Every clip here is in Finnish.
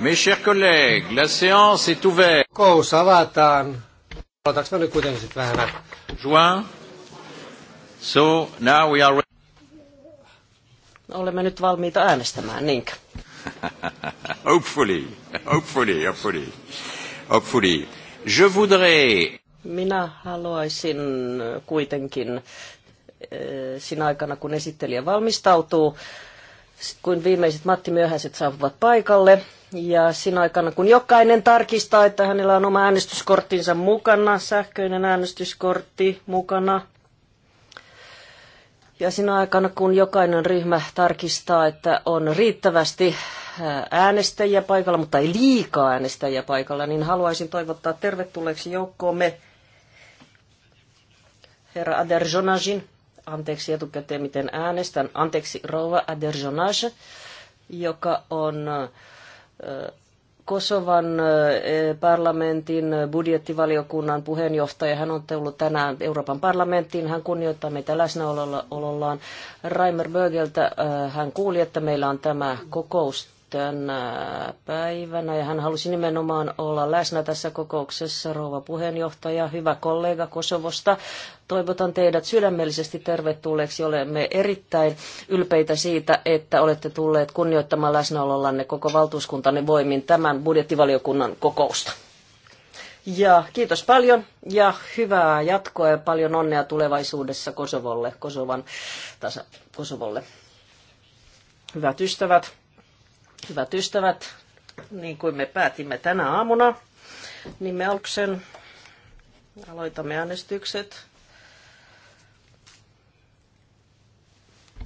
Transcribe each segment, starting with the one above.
Mes chers collègues, la séance est ouverte. Kous avataan. Aloitaks nyt kuitenkin sitten vähän Juin. So now we are... No, olemme nyt valmiita äänestämään, niinkö? hopefully, hopefully, hopefully, hopefully. Je voudrais... Minä haluaisin kuitenkin eh, sinä aikana, kun esittelijä valmistautuu, kun viimeiset Matti Myöhäiset saapuvat paikalle, ja siinä aikana, kun jokainen tarkistaa, että hänellä on oma äänestyskorttinsa mukana, sähköinen äänestyskortti mukana, ja siinä aikana, kun jokainen ryhmä tarkistaa, että on riittävästi äänestäjiä paikalla, mutta ei liikaa äänestäjiä paikalla, niin haluaisin toivottaa tervetulleeksi joukkoomme herra Aderjonajin, anteeksi etukäteen miten äänestän, anteeksi rouva Aderjonaj, joka on Kosovan parlamentin budjettivaliokunnan puheenjohtaja. Hän on tullut tänään Euroopan parlamenttiin. Hän kunnioittaa meitä läsnäolollaan. Raimer Bögeltä hän kuuli, että meillä on tämä kokous tänä päivänä ja hän halusi nimenomaan olla läsnä tässä kokouksessa, rouva puheenjohtaja, hyvä kollega Kosovosta. Toivotan teidät sydämellisesti tervetulleeksi. Olemme erittäin ylpeitä siitä, että olette tulleet kunnioittamaan läsnäolollanne koko valtuuskuntanne voimin tämän budjettivaliokunnan kokousta. Ja kiitos paljon ja hyvää jatkoa ja paljon onnea tulevaisuudessa Kosovolle, Kosovan tasa, Kosovolle. Hyvät ystävät, Hyvät ystävät, niin kuin me päätimme tänä aamuna, niin me alksen aloitamme äänestykset.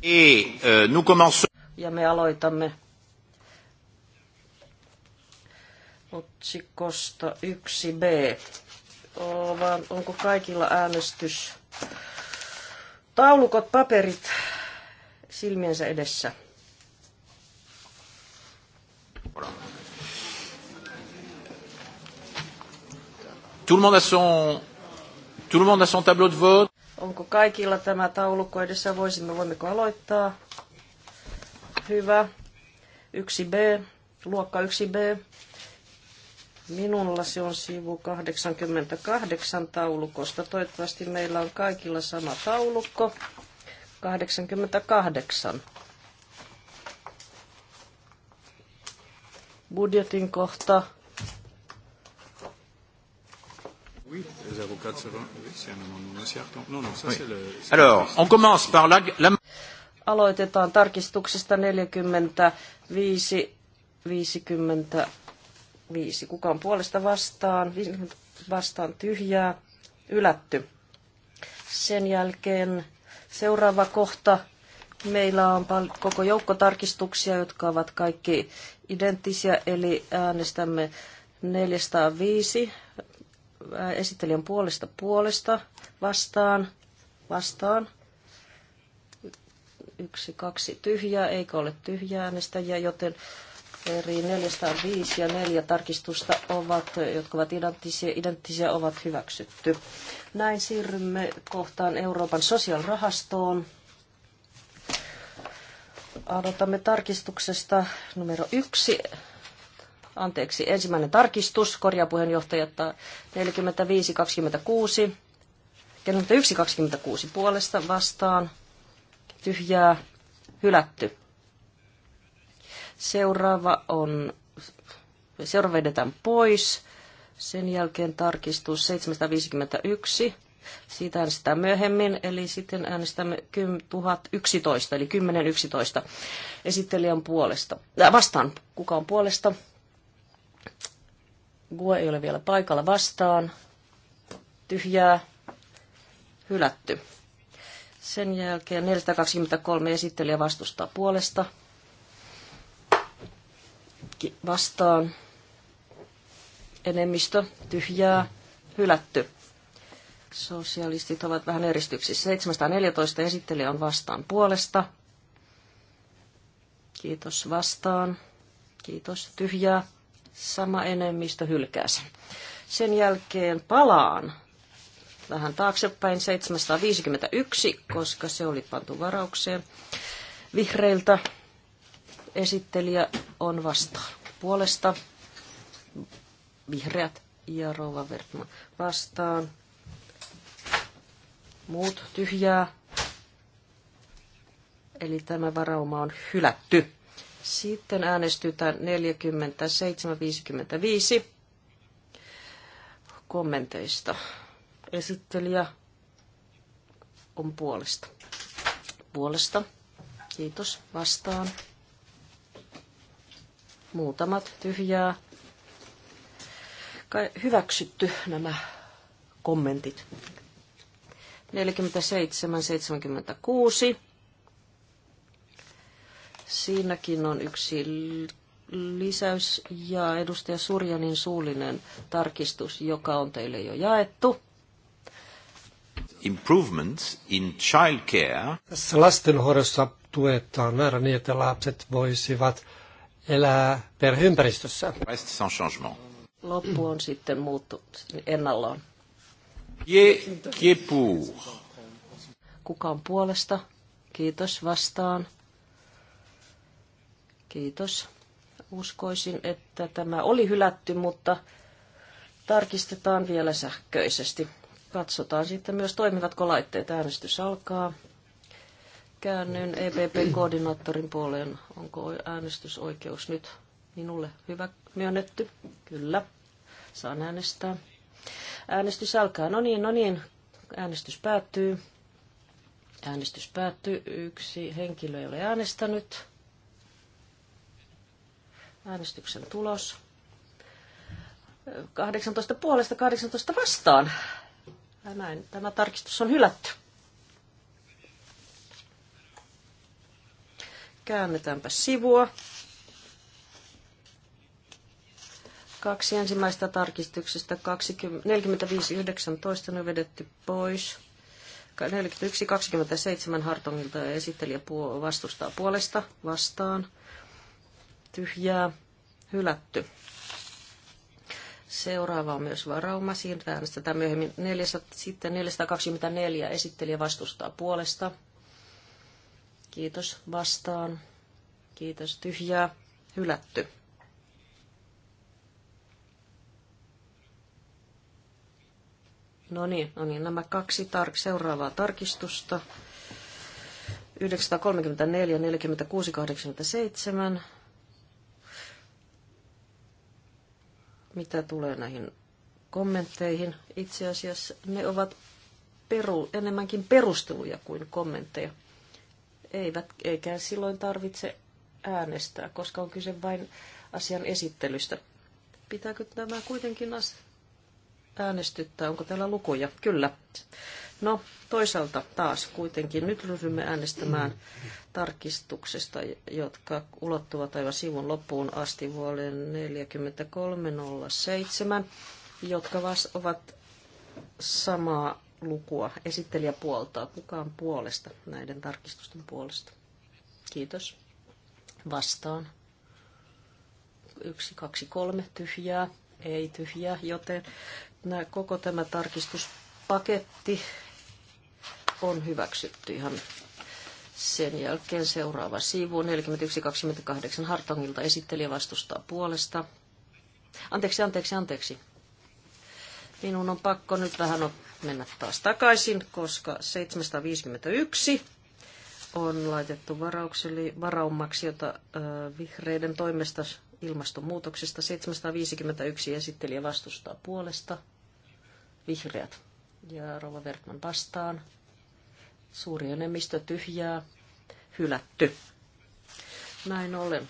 Et, euh, nous commençons... Ja me aloitamme otsikosta 1b. Onko kaikilla äänestys? Taulukot, paperit silmiensä edessä. Voilà. Tout le monde a son, tout le monde a son tableau de vote. Onko kaikilla tämä taulukko edessä? Voisimme, voimmeko aloittaa? Hyvä. 1B, luokka 1B. Minulla se on sivu 88 taulukosta. Toivottavasti meillä on kaikilla sama taulukko. 88. budjetin kohta. Aloitetaan tarkistuksesta 45, 55. Kuka on puolesta vastaan? Vastaan tyhjää. Ylätty. Sen jälkeen seuraava kohta Meillä on koko joukko tarkistuksia, jotka ovat kaikki identtisiä, eli äänestämme 405 esittelijän puolesta puolesta vastaan, vastaan. Yksi, kaksi tyhjää, eikä ole tyhjää äänestäjiä, joten eri 405 ja 4 tarkistusta ovat, jotka ovat identtisiä, identtisiä ovat hyväksytty. Näin siirrymme kohtaan Euroopan sosiaalirahastoon. Aloitamme tarkistuksesta numero yksi. Anteeksi, ensimmäinen tarkistus, korjapuheenjohtaja 45-26. 41-26 puolesta vastaan. Tyhjää, hylätty. Seuraava on, seuraava vedetään pois. Sen jälkeen tarkistus 751 siitä äänestetään myöhemmin, eli sitten äänestämme 1011, eli 1011 esittelijän puolesta. Äh, vastaan, kuka on puolesta? Gue ei ole vielä paikalla vastaan. Tyhjää, hylätty. Sen jälkeen 423 esittelijä vastustaa puolesta. Vastaan enemmistö, tyhjää, hylätty. Sosialistit ovat vähän eristyksissä. 714 esittelijä on vastaan puolesta. Kiitos vastaan. Kiitos tyhjää. Sama enemmistö hylkää sen. Sen jälkeen palaan vähän taaksepäin 751, koska se oli pantu varaukseen. Vihreiltä esittelijä on vastaan. Puolesta vihreät ja Rova Vertman vastaan muut tyhjää. Eli tämä varauma on hylätty. Sitten äänestytään 47.55 kommenteista. Esittelijä on puolesta. Puolesta. Kiitos. Vastaan. Muutamat tyhjää. Kai hyväksytty nämä kommentit. 47, 76. Siinäkin on yksi lisäys ja edustaja Surjanin suullinen tarkistus, joka on teille jo jaettu. Improvements in childcare. Tässä lastenhoidossa tuetaan määrä niin, että lapset voisivat elää perheympäristössä. Loppu on sitten muuttunut ennallaan. Kuka on puolesta? Kiitos vastaan. Kiitos. Uskoisin, että tämä oli hylätty, mutta tarkistetaan vielä sähköisesti. Katsotaan sitten myös, toimivatko laitteet. Äänestys alkaa. Käännyn EPP-koordinaattorin puoleen. Onko äänestysoikeus nyt minulle hyvä myönnetty? Kyllä. Saan äänestää. Äänestys alkaa. No niin, no niin. Äänestys päättyy. Äänestys päättyy. Yksi henkilö ei ole äänestänyt. Äänestyksen tulos. 18 puolesta 18 vastaan. Näin, tämä tarkistus on hylätty. Käännetäänpä sivua. Kaksi ensimmäistä tarkistuksesta, 45.19 on vedetty pois. 41.27 Hartongilta ja esittelijä vastustaa puolesta vastaan. Tyhjää, hylätty. Seuraava on myös varauma. Siirrytään äänestetään myöhemmin. 4, sitten 424 esittelijä vastustaa puolesta. Kiitos vastaan. Kiitos tyhjää. Hylätty. No niin, no niin, nämä kaksi tar- seuraavaa tarkistusta. 934, 46, 87. Mitä tulee näihin kommentteihin? Itse asiassa ne ovat peru, enemmänkin perusteluja kuin kommentteja. Eivät, eikä silloin tarvitse äänestää, koska on kyse vain asian esittelystä. Pitääkö tämä kuitenkin äänestyttää. Onko täällä lukuja? Kyllä. No, toisaalta taas kuitenkin nyt ryhdymme äänestämään tarkistuksesta, jotka ulottuvat aivan sivun loppuun asti vuoden 43.07, jotka vas ovat samaa lukua esittelijä puoltaa. Kukaan puolesta näiden tarkistusten puolesta? Kiitos. Vastaan. Yksi, kaksi, kolme tyhjää. Ei tyhjää, joten Nämä, koko tämä tarkistuspaketti on hyväksytty ihan sen jälkeen seuraava sivu 41.28 Hartongilta esittelijä vastustaa puolesta. Anteeksi, anteeksi, anteeksi. Minun on pakko nyt vähän mennä taas takaisin, koska 751 on laitettu varaukseli, varaumaksi, jota ö, vihreiden toimesta ilmastonmuutoksesta 751 esittelijä vastustaa puolesta. Vihreät. Ja Rova Bergman vastaan. Suuri enemmistö tyhjää. Hylätty. Näin ollen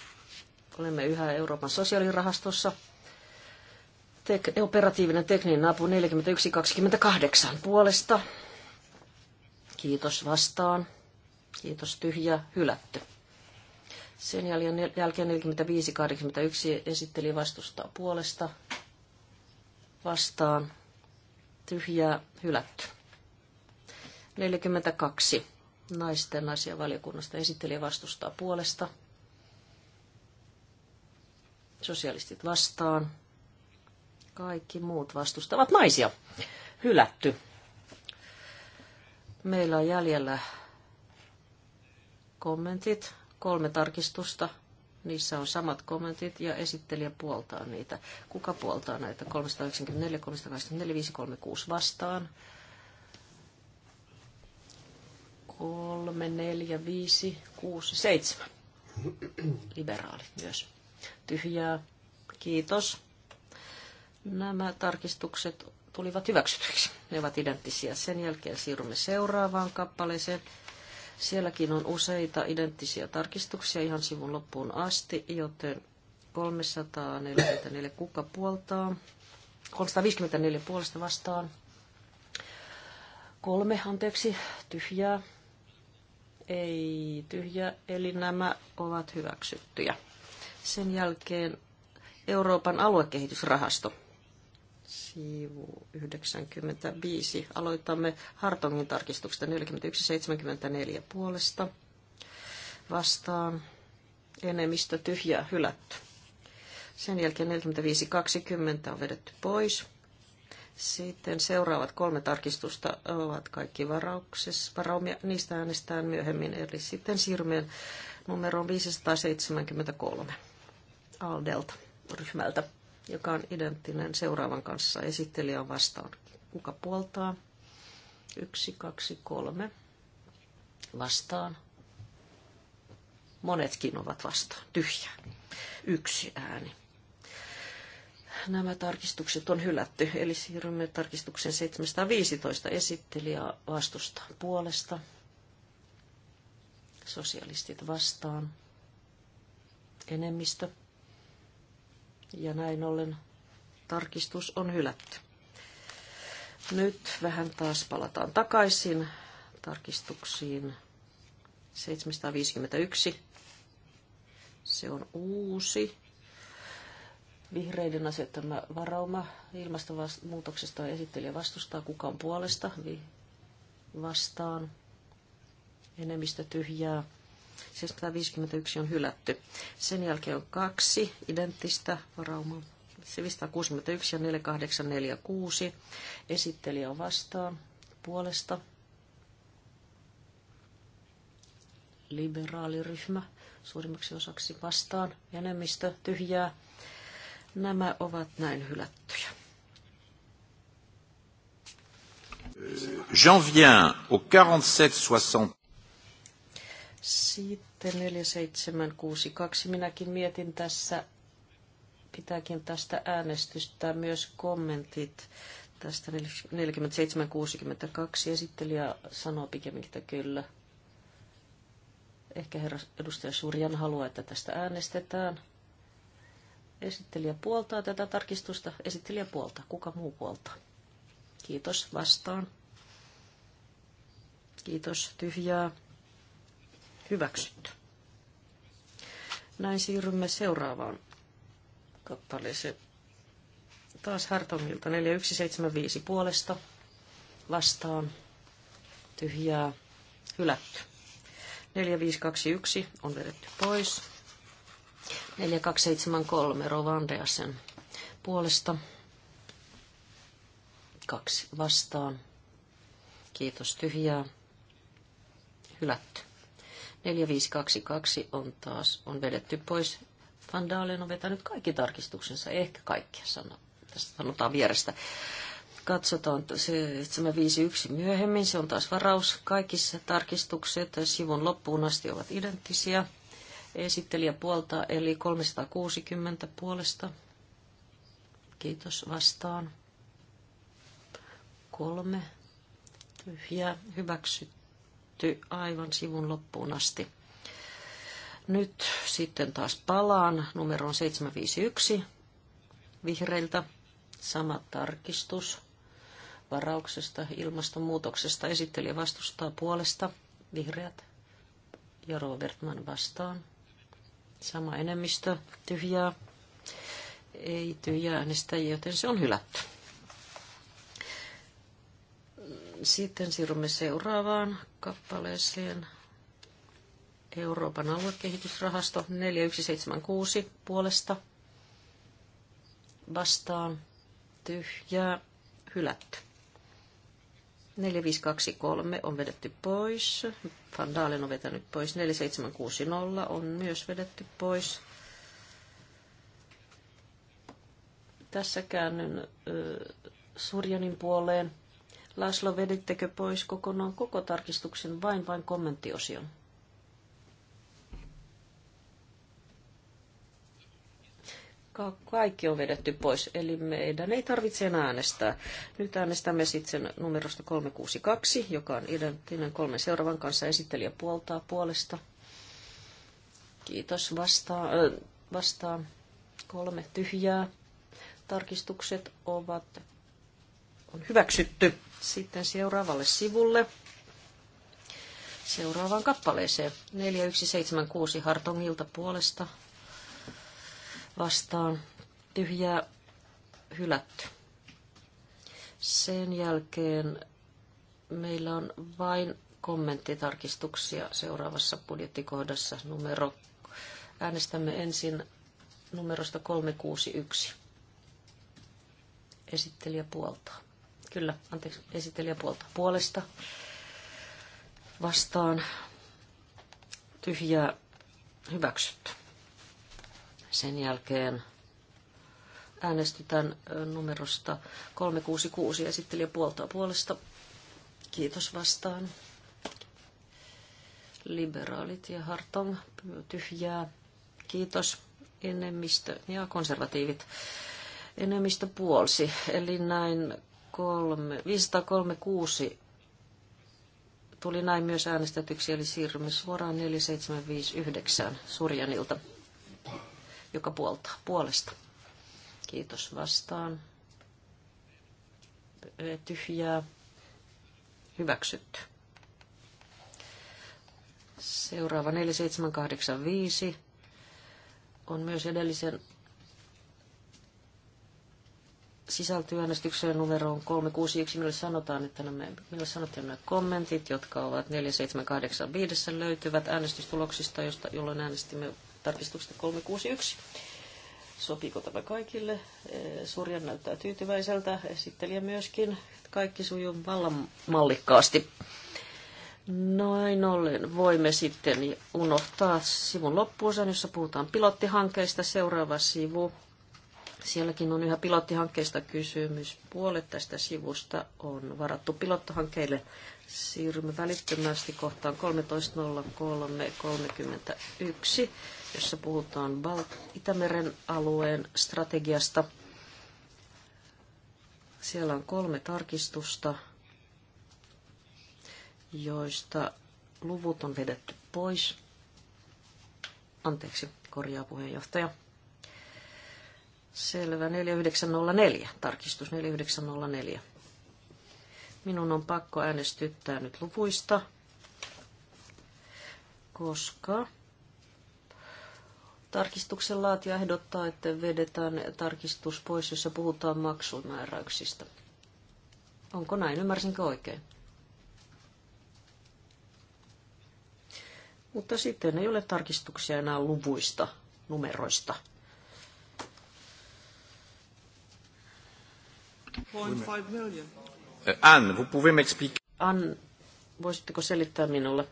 olemme yhä Euroopan sosiaalirahastossa. Tek- operatiivinen tekninen apu 4128 puolesta. Kiitos vastaan. Kiitos tyhjä, hylätty. Sen jälkeen 4581 esitteli vastustaa puolesta. Vastaan tyhjää hylätty. 42. Naisten asiavaliokunnasta esitteli vastustaa puolesta. Sosialistit vastaan. Kaikki muut vastustavat naisia. Hylätty. Meillä on jäljellä kommentit, kolme tarkistusta Niissä on samat kommentit ja esittelijä puoltaa niitä. Kuka puoltaa näitä? 394, 384, 536 vastaan. 3, 4, 5, 6, 7. Liberaali myös. Tyhjää. Kiitos. Nämä tarkistukset tulivat hyväksytyksi. Ne ovat identtisiä. Sen jälkeen siirrymme seuraavaan kappaleeseen. Sielläkin on useita identtisiä tarkistuksia ihan sivun loppuun asti, joten 344 kuka puoltaa, 354 puolesta vastaan, kolme, anteeksi, tyhjää, ei tyhjä, eli nämä ovat hyväksyttyjä. Sen jälkeen Euroopan aluekehitysrahasto sivu 95. Aloitamme Hartongin tarkistuksesta 41.74 puolesta. Vastaan enemmistö tyhjää hylätty. Sen jälkeen 45.20 on vedetty pois. Sitten seuraavat kolme tarkistusta ovat kaikki varauksessa, varaumia. Niistä äänestään myöhemmin, eli sitten siirrymme numeroon 573 Aldelta ryhmältä joka on identtinen seuraavan kanssa. Esittelijä on vastaan. Kuka puoltaa? Yksi, kaksi, kolme. Vastaan. Monetkin ovat vastaan. Tyhjä. Yksi ääni. Nämä tarkistukset on hylätty, eli siirrymme tarkistuksen 715 esittelijä vastusta puolesta. Sosialistit vastaan. Enemmistö ja näin ollen tarkistus on hylätty. Nyt vähän taas palataan takaisin tarkistuksiin 751. Se on uusi vihreiden asettama varauma ilmastonmuutoksesta esittelijä vastustaa. Kuka on puolesta? Vi- vastaan. Enemmistö tyhjää. 751 on hylätty. Sen jälkeen on kaksi identtistä varaumaa. 561 ja 4846. Esittelijä on vastaan puolesta. Liberaaliryhmä suurimmaksi osaksi vastaan. Enemmistö tyhjää. Nämä ovat näin hylättyjä. J'en au 47-60. Sitten 4762. Minäkin mietin tässä, pitääkin tästä äänestystä myös kommentit tästä 4762. Esittelijä sanoo pikemminkin, että kyllä. Ehkä herra edustaja Surjan haluaa, että tästä äänestetään. Esittelijä puoltaa tätä tarkistusta. Esittelijä puolta. Kuka muu puoltaa? Kiitos. Vastaan. Kiitos. Tyhjää. Hyväksytty. Näin siirrymme seuraavaan kappaleeseen. Taas Hartongilta 4175 puolesta vastaan tyhjää hylätty. 4521 on vedetty pois. 4273 Rovandeasen puolesta. Kaksi vastaan. Kiitos tyhjää. Hylätty. 4522 on taas on vedetty pois. Van Dalen on vetänyt kaikki tarkistuksensa, ehkä kaikkia sano, tästä sanotaan vierestä. Katsotaan se, 751 myöhemmin, se on taas varaus. Kaikissa tarkistukset sivun loppuun asti ovat identtisiä. Esittelijä puolta eli 360 puolesta. Kiitos vastaan. Kolme tyhjää hyväksytty hylätty aivan sivun loppuun asti. Nyt sitten taas palaan numeroon 751 vihreiltä. Sama tarkistus varauksesta, ilmastonmuutoksesta. Esittelijä vastustaa puolesta vihreät ja Robertman vastaan. Sama enemmistö tyhjää. Ei tyhjää äänestäjiä, joten se on hylätty. Sitten siirrymme seuraavaan kappaleeseen Euroopan aluekehitysrahasto 4176 puolesta vastaan tyhjää hylätty. 4523 on vedetty pois. Van Dalen on vetänyt pois. 4760 on myös vedetty pois. Tässä käännyn ö, Surjanin puoleen. Laslo, vedittekö pois kokonaan koko tarkistuksen vain vain kommenttiosion? Ka- kaikki on vedetty pois, eli meidän ei tarvitse enää äänestää. Nyt äänestämme sitten numerosta 362, joka on identtinen kolmen seuraavan kanssa esittelijä puoltaa puolesta. Kiitos. Vastaa, äh, vastaa kolme tyhjää. Tarkistukset ovat on hyväksytty. Sitten seuraavalle sivulle. Seuraavaan kappaleeseen. 4176 Hartongilta puolesta vastaan tyhjää hylätty. Sen jälkeen meillä on vain kommenttitarkistuksia seuraavassa budjettikohdassa numero. Äänestämme ensin numerosta 361. Esittelijä puoltaa. Kyllä, anteeksi, esittelijä puolta puolesta. Vastaan tyhjää hyväksytty. Sen jälkeen äänestytään numerosta 366 esittelijä puolta puolesta. Kiitos vastaan. Liberaalit ja Hartong tyhjää. Kiitos enemmistö ja konservatiivit enemmistö puolsi. Eli näin kolme 536 tuli näin myös äänestetyksi, eli siirrymme suoraan 4759 Surjanilta, joka puoltaa puolesta. Kiitos vastaan. Tyhjää. Hyväksytty. Seuraava 4785 on myös edellisen sisältyy äänestykseen numeroon 361, millä sanotaan, että nämä, millä sanotaan nämä kommentit, jotka ovat 4785 löytyvät äänestystuloksista, josta, jolloin äänestimme tarkistuksesta 361. Sopiiko tämä kaikille? Surjan näyttää tyytyväiseltä, esittelijä myöskin. Kaikki sujuu vallan mallikkaasti. Noin ollen voimme sitten unohtaa sivun loppuosan, jossa puhutaan pilottihankkeista. Seuraava sivu Sielläkin on yhä pilottihankkeista kysymys. Puolet tästä sivusta on varattu pilottihankkeille. Siirrymme välittömästi kohtaan 13.03.31, jossa puhutaan Itämeren alueen strategiasta. Siellä on kolme tarkistusta, joista luvut on vedetty pois. Anteeksi, korjaa puheenjohtaja. Selvä, 4904, tarkistus 4904. Minun on pakko äänestyttää nyt luvuista, koska tarkistuksen laatija ehdottaa, että vedetään tarkistus pois, jossa puhutaan maksumääräyksistä. Onko näin? Ymmärsinkö oikein? Mutta sitten ei ole tarkistuksia enää luvuista, numeroista. Eh, Anne, vous pouvez m'expliquer. Anne, voisitteko selittää minulle?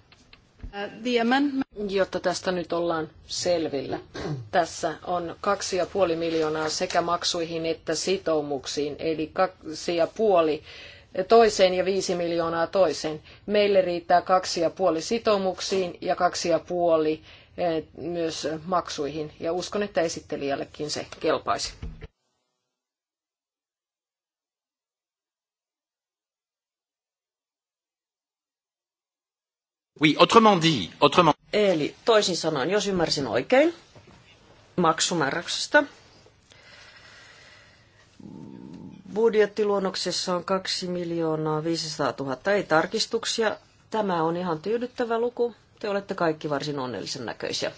Uh, Jotta tästä nyt ollaan selvillä. Tässä on 2,5 miljoonaa sekä maksuihin että sitoumuksiin, eli 2,5 toiseen ja 5 miljoonaa toiseen. Meille riittää kaksi ja puoli sitoumuksiin ja kaksi ja puoli eh, myös maksuihin. Ja uskon, että esittelijällekin se kelpaisi. Oui, autrement dit, autrement... Eli toisin sanoen, jos ymmärsin oikein, maksumääräyksestä. Budjettiluonnoksessa on 2 miljoonaa 500 000 ei tarkistuksia. Tämä on ihan tyydyttävä luku. Te olette kaikki varsin onnellisen näköisiä.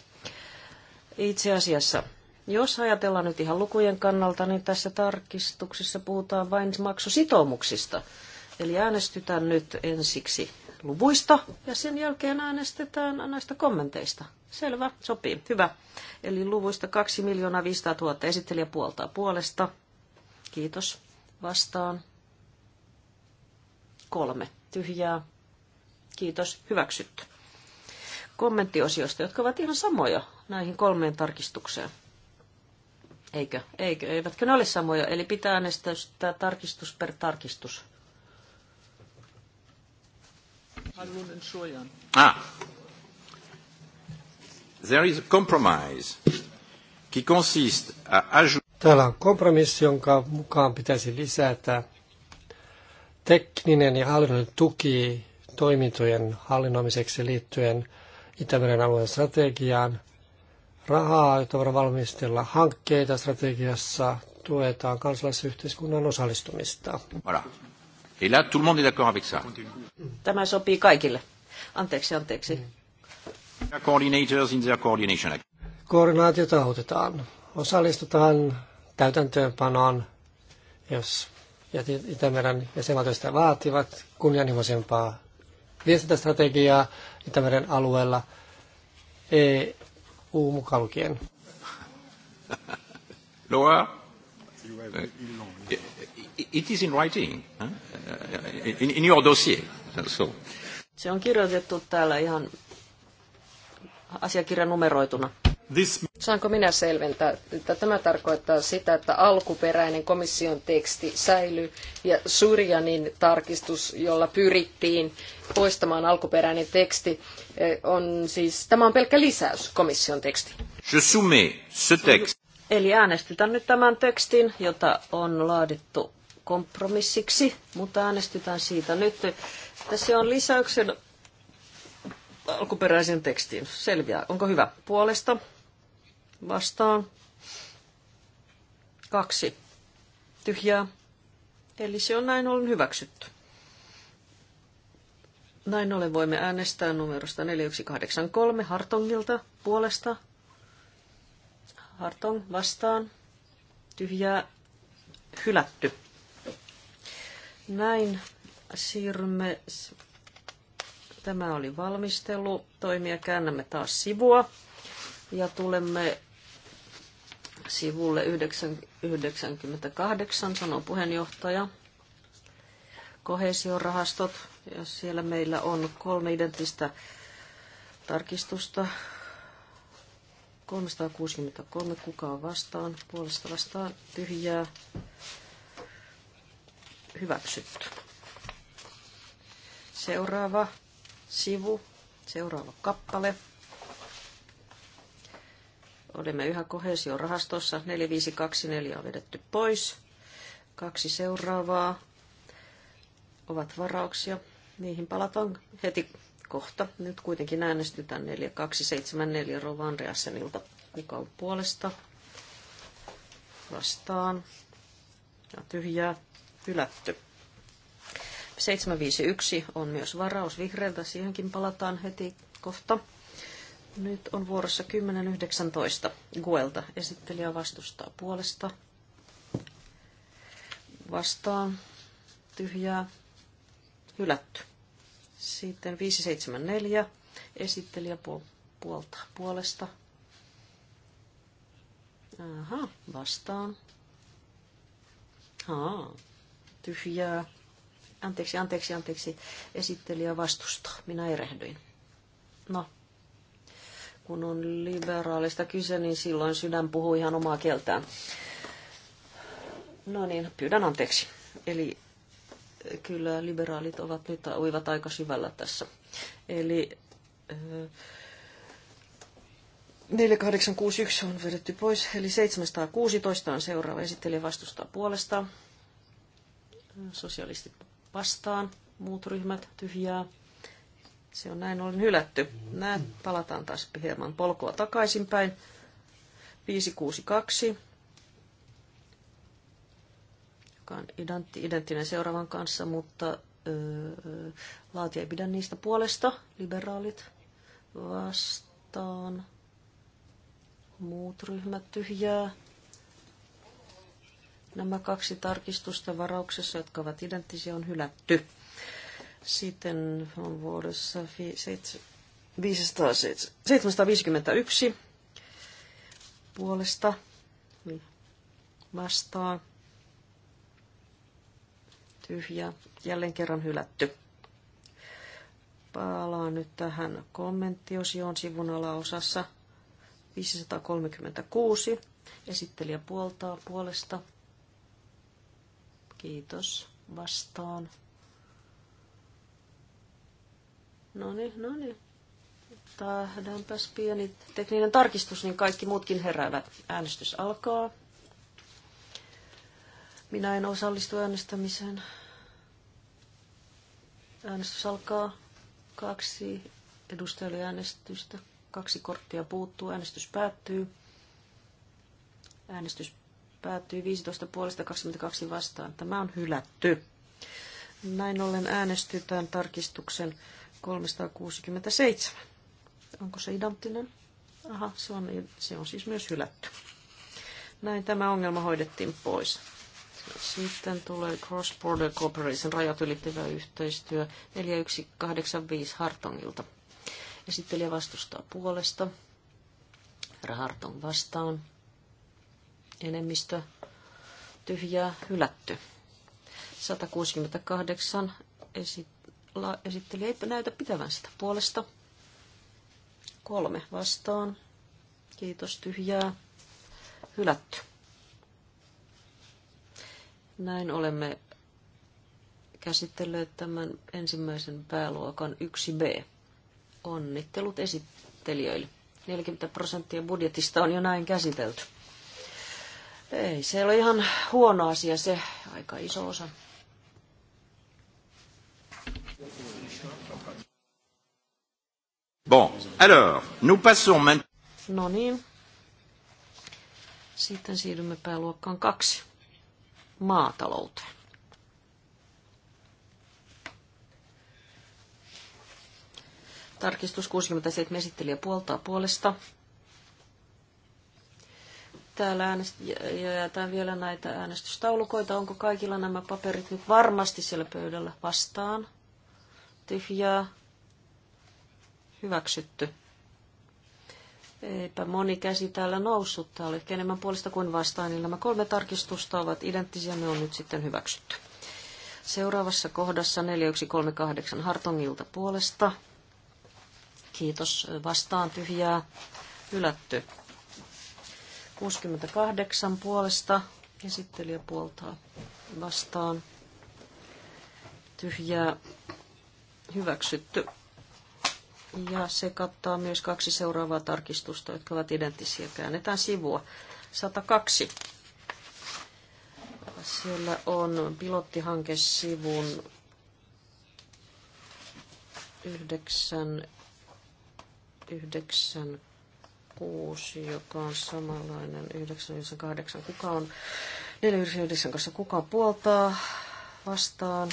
Itse asiassa, jos ajatellaan nyt ihan lukujen kannalta, niin tässä tarkistuksessa puhutaan vain maksusitoumuksista. Eli äänestytään nyt ensiksi luvuista ja sen jälkeen äänestetään näistä kommenteista. Selvä, sopii. Hyvä. Eli luvuista 2 miljoonaa 500 000 esittelijä puoltaa puolesta. Kiitos. Vastaan. Kolme. Tyhjää. Kiitos. Hyväksytty. Kommenttiosioista, jotka ovat ihan samoja näihin kolmeen tarkistukseen. Eikö? Eikö? Eivätkö ne ole samoja? Eli pitää äänestää tarkistus per tarkistus. Ah. There is a compromise qui consiste à ajouter... Täällä on kompromissi, jonka mukaan pitäisi lisätä tekninen ja hallinnollinen tuki toimintojen hallinnoimiseksi liittyen Itämeren alueen strategiaan. Rahaa, jota voidaan valmistella hankkeita strategiassa, tuetaan kansalaisyhteiskunnan osallistumista. Voilà. Et là, tout le monde est d'accord avec ça. Tämä sopii kaikille. Anteeksi, anteeksi. Coordinators in their coordination. Koordinaatiota autetaan. Osallistutaan täytäntöönpanoon, jos Itämeren jäsenvaltioista vaativat kunnianhimoisempaa viestintästrategiaa Itämeren alueella EU mukaan lukien. Loa? It is in writing, huh? in, in your dossier. So. Se on kirjoitettu täällä ihan asiakirjan numeroituna. This... Saanko minä selventää, että tämä tarkoittaa sitä, että alkuperäinen komission teksti säilyy ja Surjanin tarkistus, jolla pyrittiin poistamaan alkuperäinen teksti, eh, on siis, tämä on pelkkä lisäys komission teksti. Je ce Eli äänestetään nyt tämän tekstin, jota on laadittu kompromissiksi, mutta äänestytään siitä nyt. Tässä on lisäyksen alkuperäisen tekstiin. Selviää. Onko hyvä? Puolesta. Vastaan. Kaksi. Tyhjää. Eli se on näin ollen hyväksytty. Näin ollen voimme äänestää numerosta 4183 Hartongilta puolesta. Hartong vastaan. Tyhjää. Hylätty. Näin siirrymme. Tämä oli valmistelu. Toimia käännämme taas sivua ja tulemme sivulle 98, sanoo puheenjohtaja. Kohesiorahastot, ja siellä meillä on kolme identtistä tarkistusta. 363, kuka on vastaan, puolesta vastaan, tyhjää, hyväksytty. Seuraava sivu, seuraava kappale. Olemme yhä rahastossa. 4524 on vedetty pois. Kaksi seuraavaa ovat varauksia. Niihin palataan heti kohta. Nyt kuitenkin äänestytään 4274 Rova Andreasenilta. mikä on puolesta? Vastaan. Ja tyhjää hylätty. 751 on myös varaus vihreältä, siihenkin palataan heti kohta. Nyt on vuorossa 10.19 Guelta. Esittelijä vastustaa puolesta. Vastaan. Tyhjää. Hylätty. Sitten 574. Esittelijä puolta puolesta. Aha, vastaan. Haa tyhjää. Anteeksi, anteeksi, anteeksi. Esittelijä vastustaa. Minä erehdyin. No, kun on liberaalista kyse, niin silloin sydän puhuu ihan omaa kieltään. No niin, pyydän anteeksi. Eli eh, kyllä liberaalit ovat nyt uivat aika syvällä tässä. Eli 4861 eh, on vedetty pois, eli 716 on seuraava esittelijä vastustaa puolestaan sosialistit vastaan, muut ryhmät tyhjää. Se on näin ollen hylätty. Nää palataan taas hieman polkua takaisinpäin. 562, joka on identtinen seuraavan kanssa, mutta öö, laati ei pidä niistä puolesta. Liberaalit vastaan. Muut ryhmät tyhjää. Nämä kaksi tarkistusta varauksessa, jotka ovat identtisiä, on hylätty. Sitten on vuodessa 751 puolesta vastaan. Tyhjä, jälleen kerran hylätty. Palaan nyt tähän kommenttiosioon sivun alaosassa 536. Esittelijä puoltaa puolesta Kiitos. Vastaan. No niin, no niin. Tähdäänpäs pieni tekninen tarkistus, niin kaikki muutkin heräävät. Äänestys alkaa. Minä en osallistu äänestämiseen. Äänestys alkaa. Kaksi edustajille äänestystä. Kaksi korttia puuttuu. Äänestys päättyy. Äänestys päättyi 15 puolesta 22 vastaan. Tämä on hylätty. Näin ollen äänestytään tarkistuksen 367. Onko se identtinen? Aha, se on, se on siis myös hylätty. Näin tämä ongelma hoidettiin pois. Sitten tulee Cross Border Cooperation, rajat ylittävä yhteistyö, 4185 Hartongilta. Esittelijä vastustaa puolesta. Herra Hartong vastaan enemmistö tyhjää hylätty. 168 esit- la- esitteli, eipä näytä pitävän sitä puolesta. Kolme vastaan. Kiitos tyhjää. Hylätty. Näin olemme käsitelleet tämän ensimmäisen pääluokan 1b. Onnittelut esittelijöille. 40 prosenttia budjetista on jo näin käsitelty. Ei, se oli ihan huono asia se, aika iso osa. Bon, alors, nous passons maintenant... No niin. Sitten siirrymme pääluokkaan kaksi. Maatalouteen. Tarkistus 67 esittelijä puoltaa puolesta. Täällä äänest- jätän vielä näitä äänestystaulukoita. Onko kaikilla nämä paperit nyt varmasti siellä pöydällä vastaan? Tyhjää. Hyväksytty. Eipä moni käsi täällä noussut. Täällä oli ehkä enemmän puolesta kuin vastaan, niin nämä kolme tarkistusta ovat identtisiä, ne on nyt sitten hyväksytty. Seuraavassa kohdassa 4138 Hartongilta puolesta. Kiitos vastaan tyhjää. Hylätty. 68 puolesta esittelijä vastaan. Tyhjää hyväksytty. Ja se kattaa myös kaksi seuraavaa tarkistusta, jotka ovat identtisiä. Käännetään sivua. 102. Siellä on pilottihankesivun 9, 9 6, joka on samanlainen 998. Kuka on 499 kanssa? Kuka puoltaa vastaan?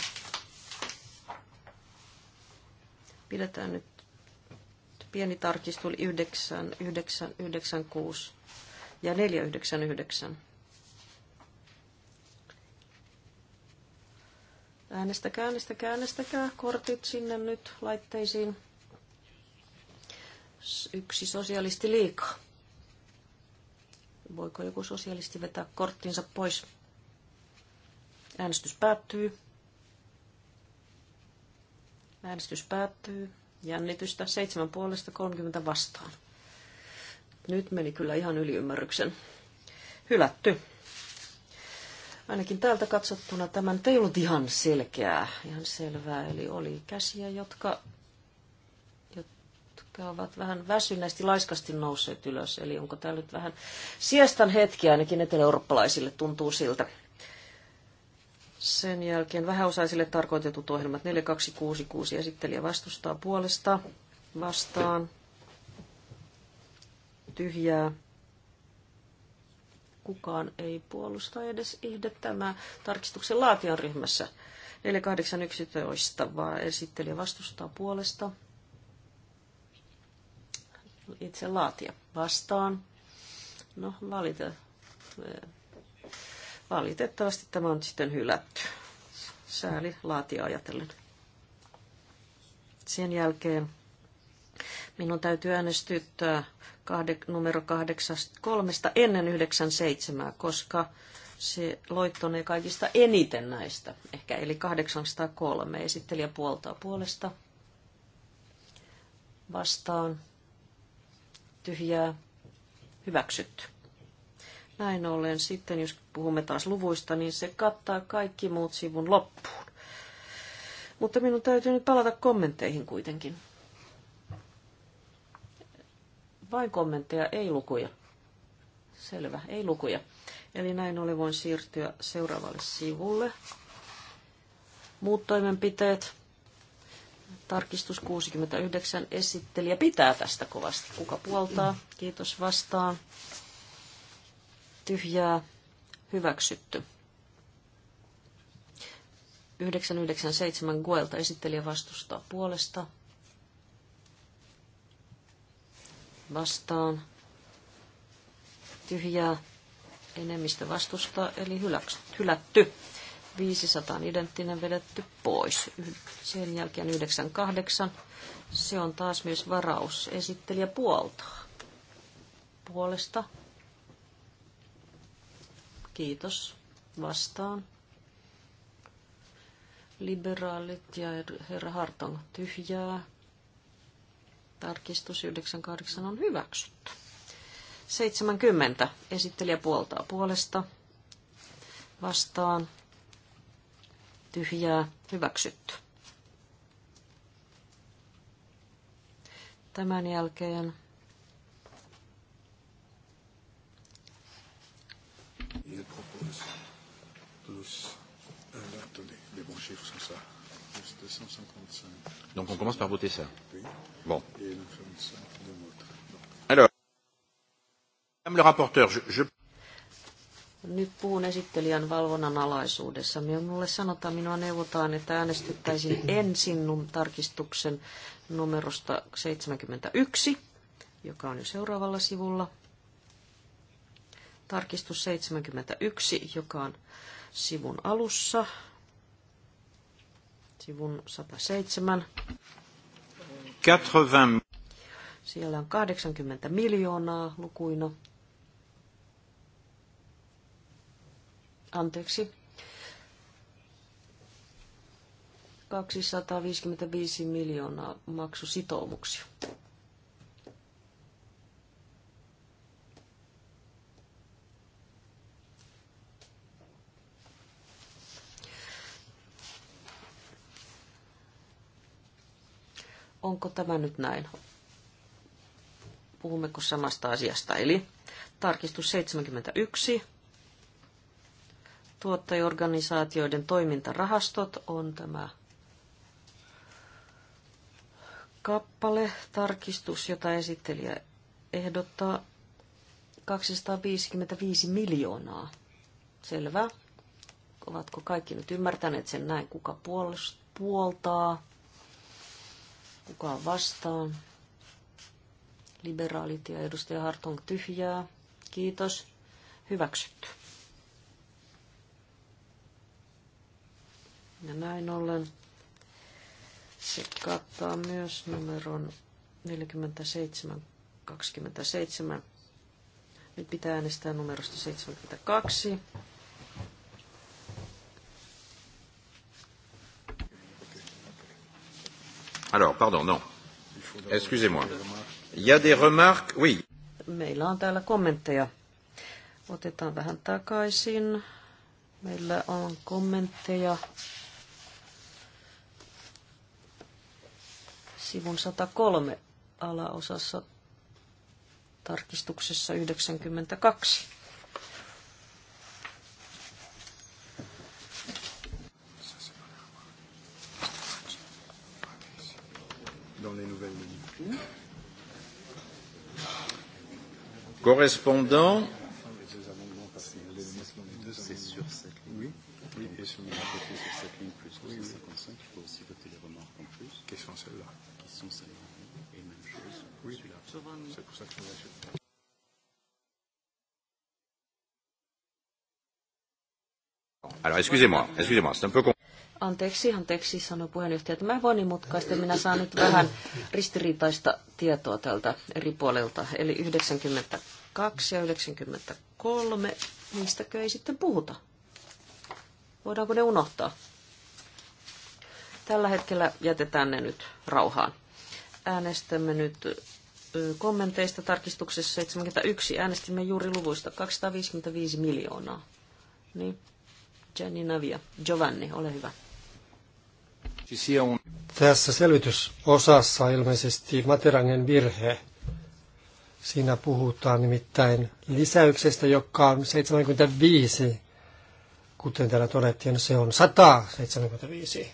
Pidetään nyt pieni tarkistus 9, 9, 9, 6 ja 499. Äänestäkää, äänestäkää, äänestäkää kortit sinne nyt laitteisiin yksi sosialisti liikaa. Voiko joku sosialisti vetää korttinsa pois? Äänestys päättyy. Äänestys päättyy. Jännitystä 7 puolesta 30 vastaan. Nyt meni kyllä ihan yliymmärryksen. Hylätty. Ainakin täältä katsottuna tämän ei ollut ihan selkeää, ihan selvää. Eli oli käsiä, jotka he ovat vähän väsyneesti laiskasti nousseet ylös, eli onko tämä nyt vähän siestan hetki ainakin etelä-eurooppalaisille, tuntuu siltä. Sen jälkeen vähäosaisille tarkoitetut ohjelmat 4266 esittelijä vastustaa puolesta vastaan. Tyhjää. Kukaan ei puolusta edes ihde tämä tarkistuksen laatijan ryhmässä. 4811 vaan esittelijä vastustaa puolesta itse laatia. Vastaan. No, valita. Eh, valitettavasti tämä on sitten hylätty. Sääli laatia ajatellen. Sen jälkeen minun täytyy äänestyttää kahde, numero kahdeksasta, kolmesta ennen yhdeksän seitsemää, koska se loittonee kaikista eniten näistä, ehkä eli 803. Esittelijä puoltaa puolesta vastaan tyhjää hyväksytty. Näin ollen sitten, jos puhumme taas luvuista, niin se kattaa kaikki muut sivun loppuun. Mutta minun täytyy nyt palata kommentteihin kuitenkin. Vain kommentteja, ei lukuja. Selvä, ei lukuja. Eli näin ollen voin siirtyä seuraavalle sivulle. Muut toimenpiteet. Tarkistus 69 esittelijä pitää tästä kovasti. Kuka puoltaa? Kiitos vastaan. Tyhjää. Hyväksytty. 997 Guelta esittelijä vastustaa puolesta. Vastaan. Tyhjää. Enemmistö vastustaa, eli hylätty. 500 on identtinen vedetty pois. Sen jälkeen 98. Se on taas myös varaus. Esittelijä puoltaa. Puolesta. Kiitos. Vastaan. Liberaalit ja herra Hartong tyhjää. Tarkistus 98 on hyväksytty. 70. Esittelijä puoltaa puolesta vastaan tyhjää hyväksytty. Tämän jälkeen propose plus Plus 255. Donc on commence par voter ça. Bon. Alors, Madame le rapporteur, je, je... Nyt puhun esittelijän valvonnan alaisuudessa. Minulle sanotaan, minua neuvotaan, että äänestyttäisiin ensin tarkistuksen numerosta 71, joka on jo seuraavalla sivulla. Tarkistus 71, joka on sivun alussa, sivun 107. 80. Siellä on 80 miljoonaa lukuina Anteeksi. 255 miljoonaa maksusitoumuksia. Onko tämä nyt näin? Puhummeko samasta asiasta? Eli tarkistus 71 tuottajaorganisaatioiden toimintarahastot on tämä kappale, tarkistus, jota esittelijä ehdottaa 255 miljoonaa. Selvä. Ovatko kaikki nyt ymmärtäneet sen näin, kuka puoltaa, kuka vastaa Liberaalit ja edustaja Hartong tyhjää. Kiitos. Hyväksytty. Ja näin ollen se kattaa myös numeron 4727. Nyt pitää äänestää numerosta 72. Alors, pardon, non. Excusez-moi. Il y a des remarques, oui. Meillä on täällä kommentteja. Otetaan vähän takaisin. Meillä on kommentteja. sivun 103 alaosassa tarkistuksessa 92. Correspondant. C'est sur cette ligne. Oui. Oui, et si on a voté sur cette ligne plus 255, il faut aussi voter les remarques en plus. Quelles sont celles-là 150 et même chose pour celui-là. C'est pour ça que je l'achète Alors, excusez-moi, excusez-moi, c'est un peu Anteeksi, anteeksi, sanoi puheenjohtaja, että mä monimutkaista, niin minä saan nyt vähän ristiriitaista tietoa tältä eri puolelta. Eli 92 ja 93, niistäkö ei sitten puhuta? Voidaanko ne unohtaa? Tällä hetkellä jätetään ne nyt rauhaan. Äänestämme nyt kommenteista tarkistuksessa 71. Äänestimme juuri luvuista 255 miljoonaa. Niin. Gianni Navia. Giovanni, ole hyvä. Tässä selvitysosassa ilmeisesti Materangen virhe. Siinä puhutaan nimittäin lisäyksestä, joka on 75. Kuten täällä todettiin, se on 175.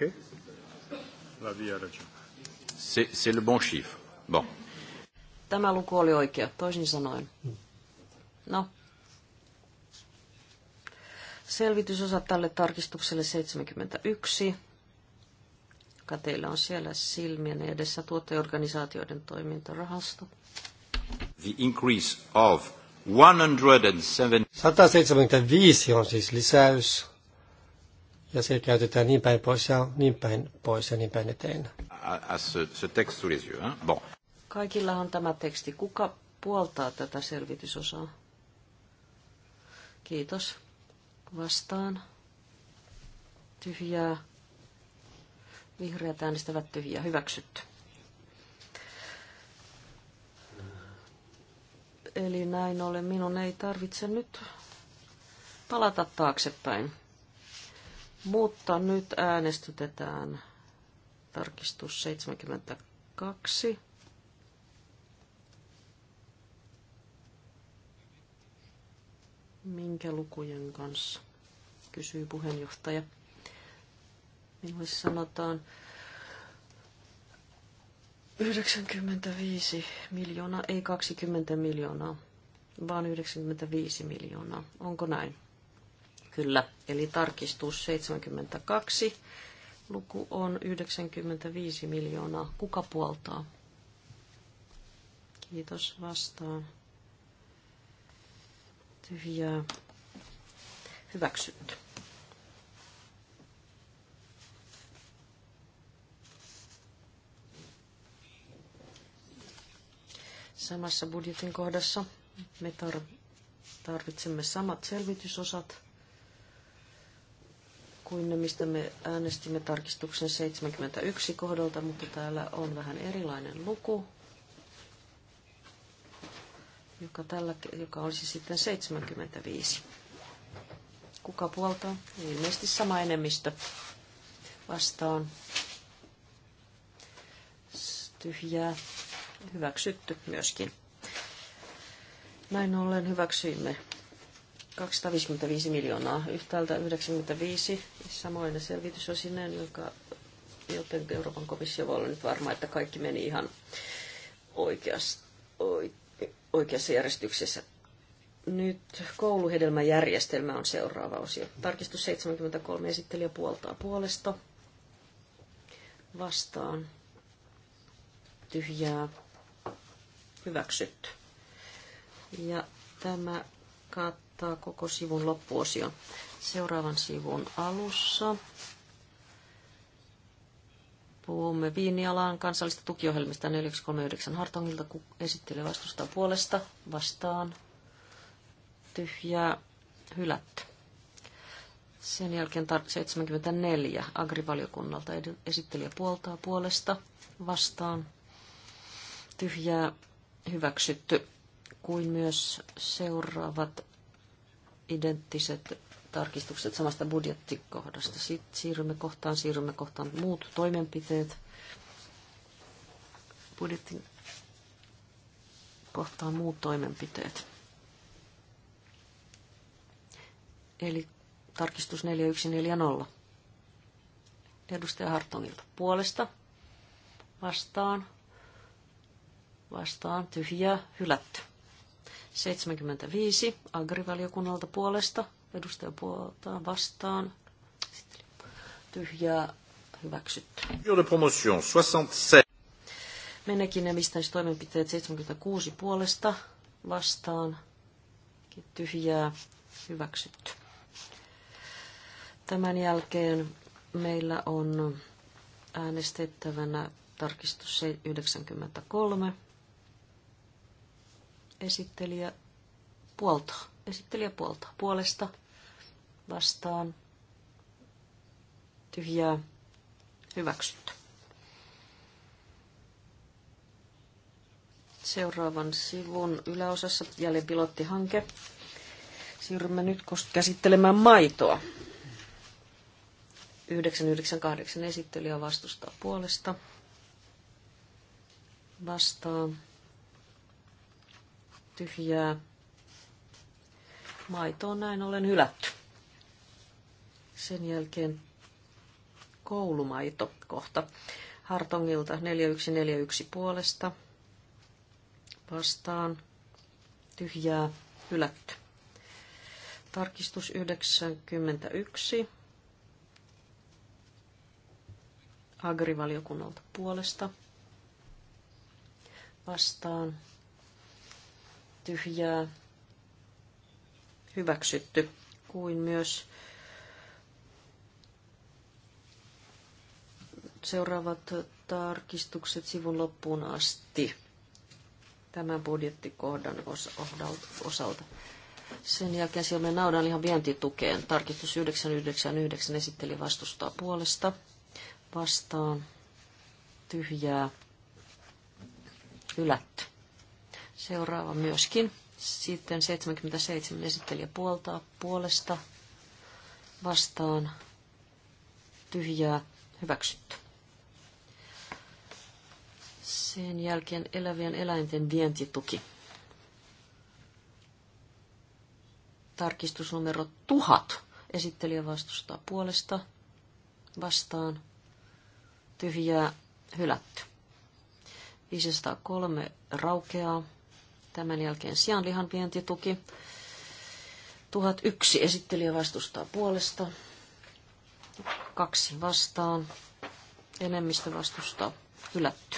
OK C'est le bon chiffre. Bon. Tämä luku oli oikea, toisin sanoen. Hmm. No. Selvitysosa tälle tarkistukselle 71 joka teillä on siellä silmien edessä tuoteorganisaatioiden toimintarahasto. The increase of 107. 175 on siis lisäys ja se käytetään niin päin pois ja niin päin pois ja niin päin eteen. Kaikilla on tämä teksti. Kuka puoltaa tätä selvitysosaa? Kiitos. Vastaan. Tyhjää. Vihreät äänestävät tyhjää. Hyväksytty. Eli näin ollen minun ei tarvitse nyt palata taaksepäin. Mutta nyt äänestytetään tarkistus 72. Minkä lukujen kanssa? kysyy puheenjohtaja. Minulle sanotaan 95 miljoonaa, ei 20 miljoonaa, vaan 95 miljoonaa. Onko näin? Kyllä, eli tarkistus 72. Luku on 95 miljoonaa. Kuka puoltaa? Kiitos vastaan. Tyhjää. Hyväksytty. Samassa budjetin kohdassa me tarvitsemme samat selvitysosat – kuin mistä me äänestimme tarkistuksen 71 kohdalta, mutta täällä on vähän erilainen luku, joka, tällä, joka olisi siis sitten 75. Kuka puolta? Ilmeisesti sama enemmistö vastaan. Tyhjää. Hyväksytty myöskin. Näin ollen hyväksyimme 255 miljoonaa yhtäältä 95, on sinne, joka, joten Euroopan komissio voi olla nyt varma, että kaikki meni ihan oikeas, oikeassa järjestyksessä. Nyt kouluhedelmäjärjestelmä on seuraava osio. Tarkistus 73 esittelijä puoltaa puolesta. Vastaan. Tyhjää. Hyväksytty. Ja tämä kat kattaa koko sivun loppuosion. Seuraavan sivun alussa puhumme Viinialan kansallista tukiohjelmista 439 Hartongilta, kun esittelee vastustaa puolesta vastaan tyhjää hylätty. Sen jälkeen 74 agrivaliokunnalta esittelijä puoltaa puolesta vastaan tyhjää hyväksytty, kuin myös seuraavat identtiset tarkistukset samasta budjettikohdasta. Sitten siirrymme kohtaan, siirrymme kohtaan muut toimenpiteet. Budjetin kohtaan muut toimenpiteet. Eli tarkistus 4140. Edustaja Hartongilta puolesta. Vastaan. Vastaan. Tyhjää. Hylätty. 75 agrivaliokunnalta puolesta, edustaja puoltaan vastaan, tyhjää hyväksytty. De promotion 67. Menekin toimenpiteet 76 puolesta vastaan, tyhjää hyväksytty. Tämän jälkeen meillä on äänestettävänä tarkistus 93 Esittelijä puolta. Esittelijä puolta. Puolesta vastaan. Tyhjää. hyväksyttä. Seuraavan sivun yläosassa jälleen pilottihanke. Siirrymme nyt käsittelemään maitoa. 998 esittelijä vastustaa puolesta. Vastaan tyhjää. Maito on näin ollen hylätty. Sen jälkeen koulumaito kohta. Hartongilta 4141 puolesta vastaan tyhjää hylätty. Tarkistus 91. Agrivaliokunnalta puolesta vastaan tyhjää hyväksytty, kuin myös seuraavat tarkistukset sivun loppuun asti tämän budjettikohdan osalta. Sen jälkeen siellä naudan ihan vientitukeen. Tarkistus 999 esitteli vastustaa puolesta. Vastaan tyhjää hylätty. Seuraava myöskin. Sitten 77 esittelijä puoltaa puolesta vastaan tyhjää hyväksytty. Sen jälkeen elävien eläinten vientituki. Tarkistusnumero tuhat. Esittelijä vastustaa puolesta. Vastaan. Tyhjää hylätty. 503 raukeaa. Tämän jälkeen sianlihan vientituki. 1001 esittelijä vastustaa puolesta. Kaksi vastaan. Enemmistö vastustaa. Hylätty.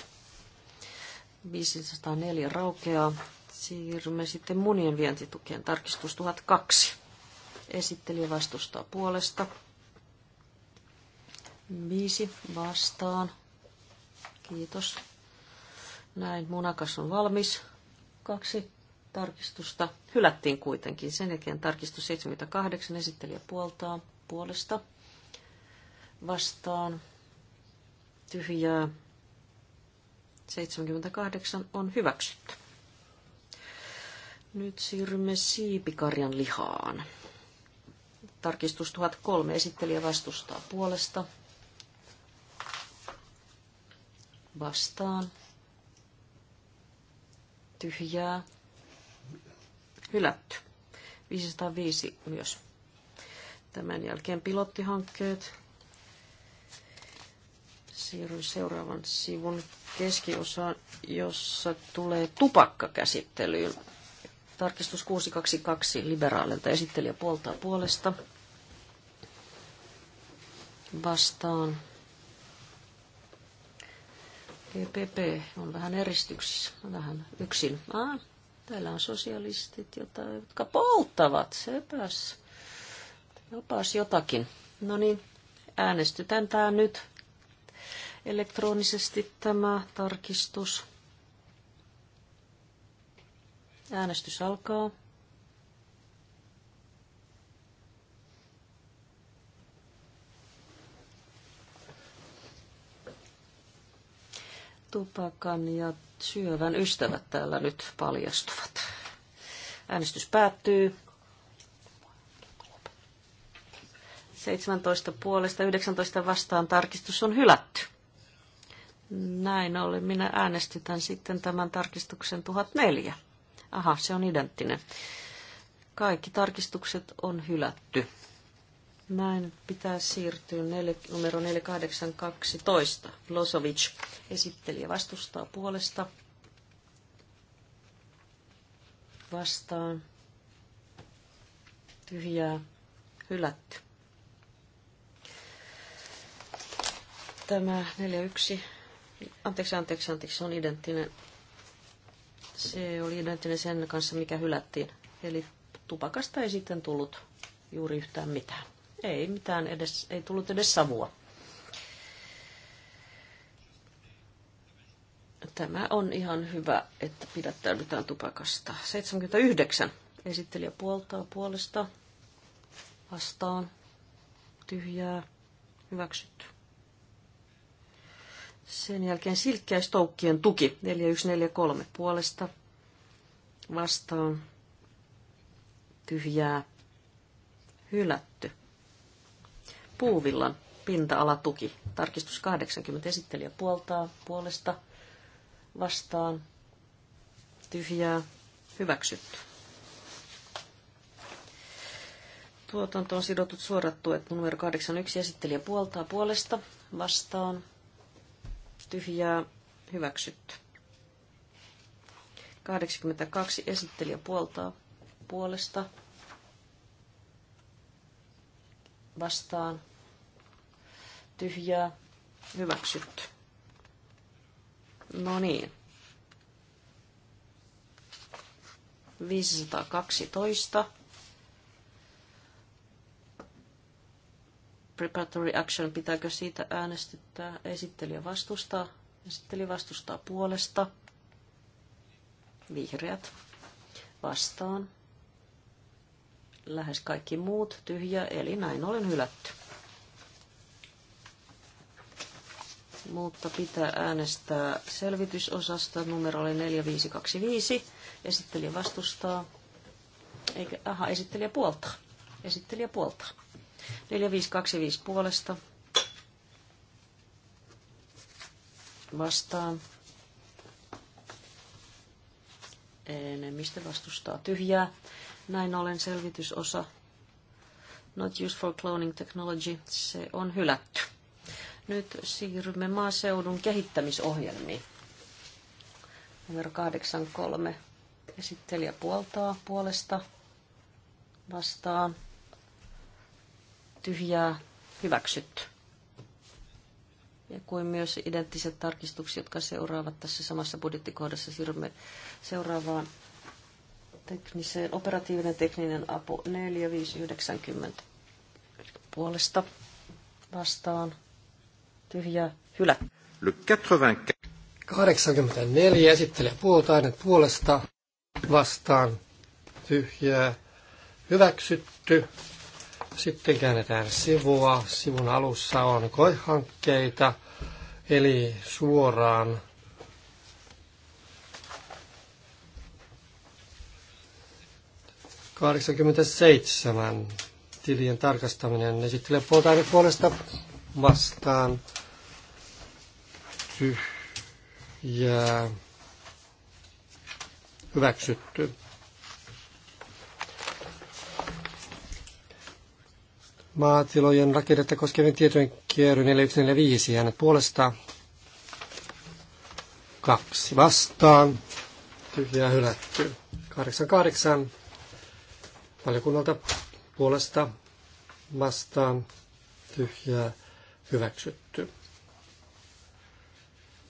504 raukeaa. Siirrymme sitten munien vientitukien tarkistus 1002. Esittelijä vastustaa puolesta. Viisi vastaan. Kiitos. Näin, munakas on valmis. Kaksi tarkistusta hylättiin kuitenkin. Sen jälkeen tarkistus 78 esittelijä puoltaa puolesta vastaan tyhjää. 78 on hyväksytty. Nyt siirrymme siipikarjan lihaan. Tarkistus 1003 esittelijä vastustaa puolesta. Vastaan tyhjää, hylätty. 505 myös. Tämän jälkeen pilottihankkeet. Siirryn seuraavan sivun keskiosaan, jossa tulee tupakkakäsittelyyn. Tarkistus 622 liberaalilta esittelijä puoltaa puolesta. Vastaan EPP on vähän eristyksissä, vähän yksin. Ah, täällä on sosialistit, jota, jotka polttavat. Sepäs. Jopas jotakin. No niin, äänestytään tämä nyt elektronisesti tämä tarkistus. Äänestys alkaa. tupakan ja syövän ystävät täällä nyt paljastuvat. Äänestys päättyy. 17 puolesta 19 vastaan tarkistus on hylätty. Näin ollen minä äänestytän sitten tämän tarkistuksen 1004. Aha, se on identtinen. Kaikki tarkistukset on hylätty. Näin pitää siirtyä nel, numero 4812. Losovic esittelijä vastustaa puolesta. Vastaan. Tyhjää. Hylätty. Tämä 41. Anteeksi, anteeksi, anteeksi. Se on identtinen. Se oli identtinen sen kanssa, mikä hylättiin. Eli tupakasta ei sitten tullut juuri yhtään mitään. Ei mitään edes, ei tullut edes savua. Tämä on ihan hyvä, että pidättäydytään tupakasta. 79. Esittelijä puoltaa puolesta. Vastaan. Tyhjää. Hyväksytty. Sen jälkeen silkkäistoukkien tuki 4143 puolesta vastaan tyhjää hylätty Puuvillan pinta-alatuki. Tarkistus 80 esittelijä puoltaa puolesta vastaan. Tyhjää. Hyväksytty. Tuotanto on sidotut suorat tuet. Numero 81 esittelijä puoltaa puolesta vastaan. Tyhjää. Hyväksytty. 82 esittelijä puoltaa puolesta vastaan tyhjää, hyväksytty. No niin. 512. Preparatory action, pitääkö siitä äänestyttää? Esittelijä vastustaa. Esitteli vastustaa puolesta. Vihreät vastaan. Lähes kaikki muut tyhjä, eli näin olen hylätty. mutta pitää äänestää selvitysosasta numerolle 4525. Esittelijä vastustaa. Eikä, aha, esittelijä puolta. Esittelijä puolta. 4525 puolesta. Vastaan. Enemmistö vastustaa tyhjää. Näin ollen selvitysosa Not used for cloning technology. Se on hylätty. Nyt siirrymme maaseudun kehittämisohjelmiin. Numero 83. Esittelijä puoltaa puolesta vastaan. Tyhjää hyväksytty. Ja kuin myös identtiset tarkistukset, jotka seuraavat tässä samassa budjettikohdassa. Siirrymme seuraavaan tekniseen, operatiivinen tekninen apu 4590 puolesta vastaan tyhjää, hylätty. 84 esittelee puolta äänet puolesta vastaan tyhjää hyväksytty. Sitten käännetään sivua. Sivun alussa on koehankkeita, eli suoraan Kahdeksankymmentäseitsemän tilien tarkastaminen esittelee puolta puolesta vastaan tyhjää hyväksytty. Maatilojen rakennetta koskevien tietojen kierry 4145 hänet puolesta kaksi vastaan. Tyhjää hylätty. 88 valiokunnalta puolesta vastaan tyhjää hyväksytty.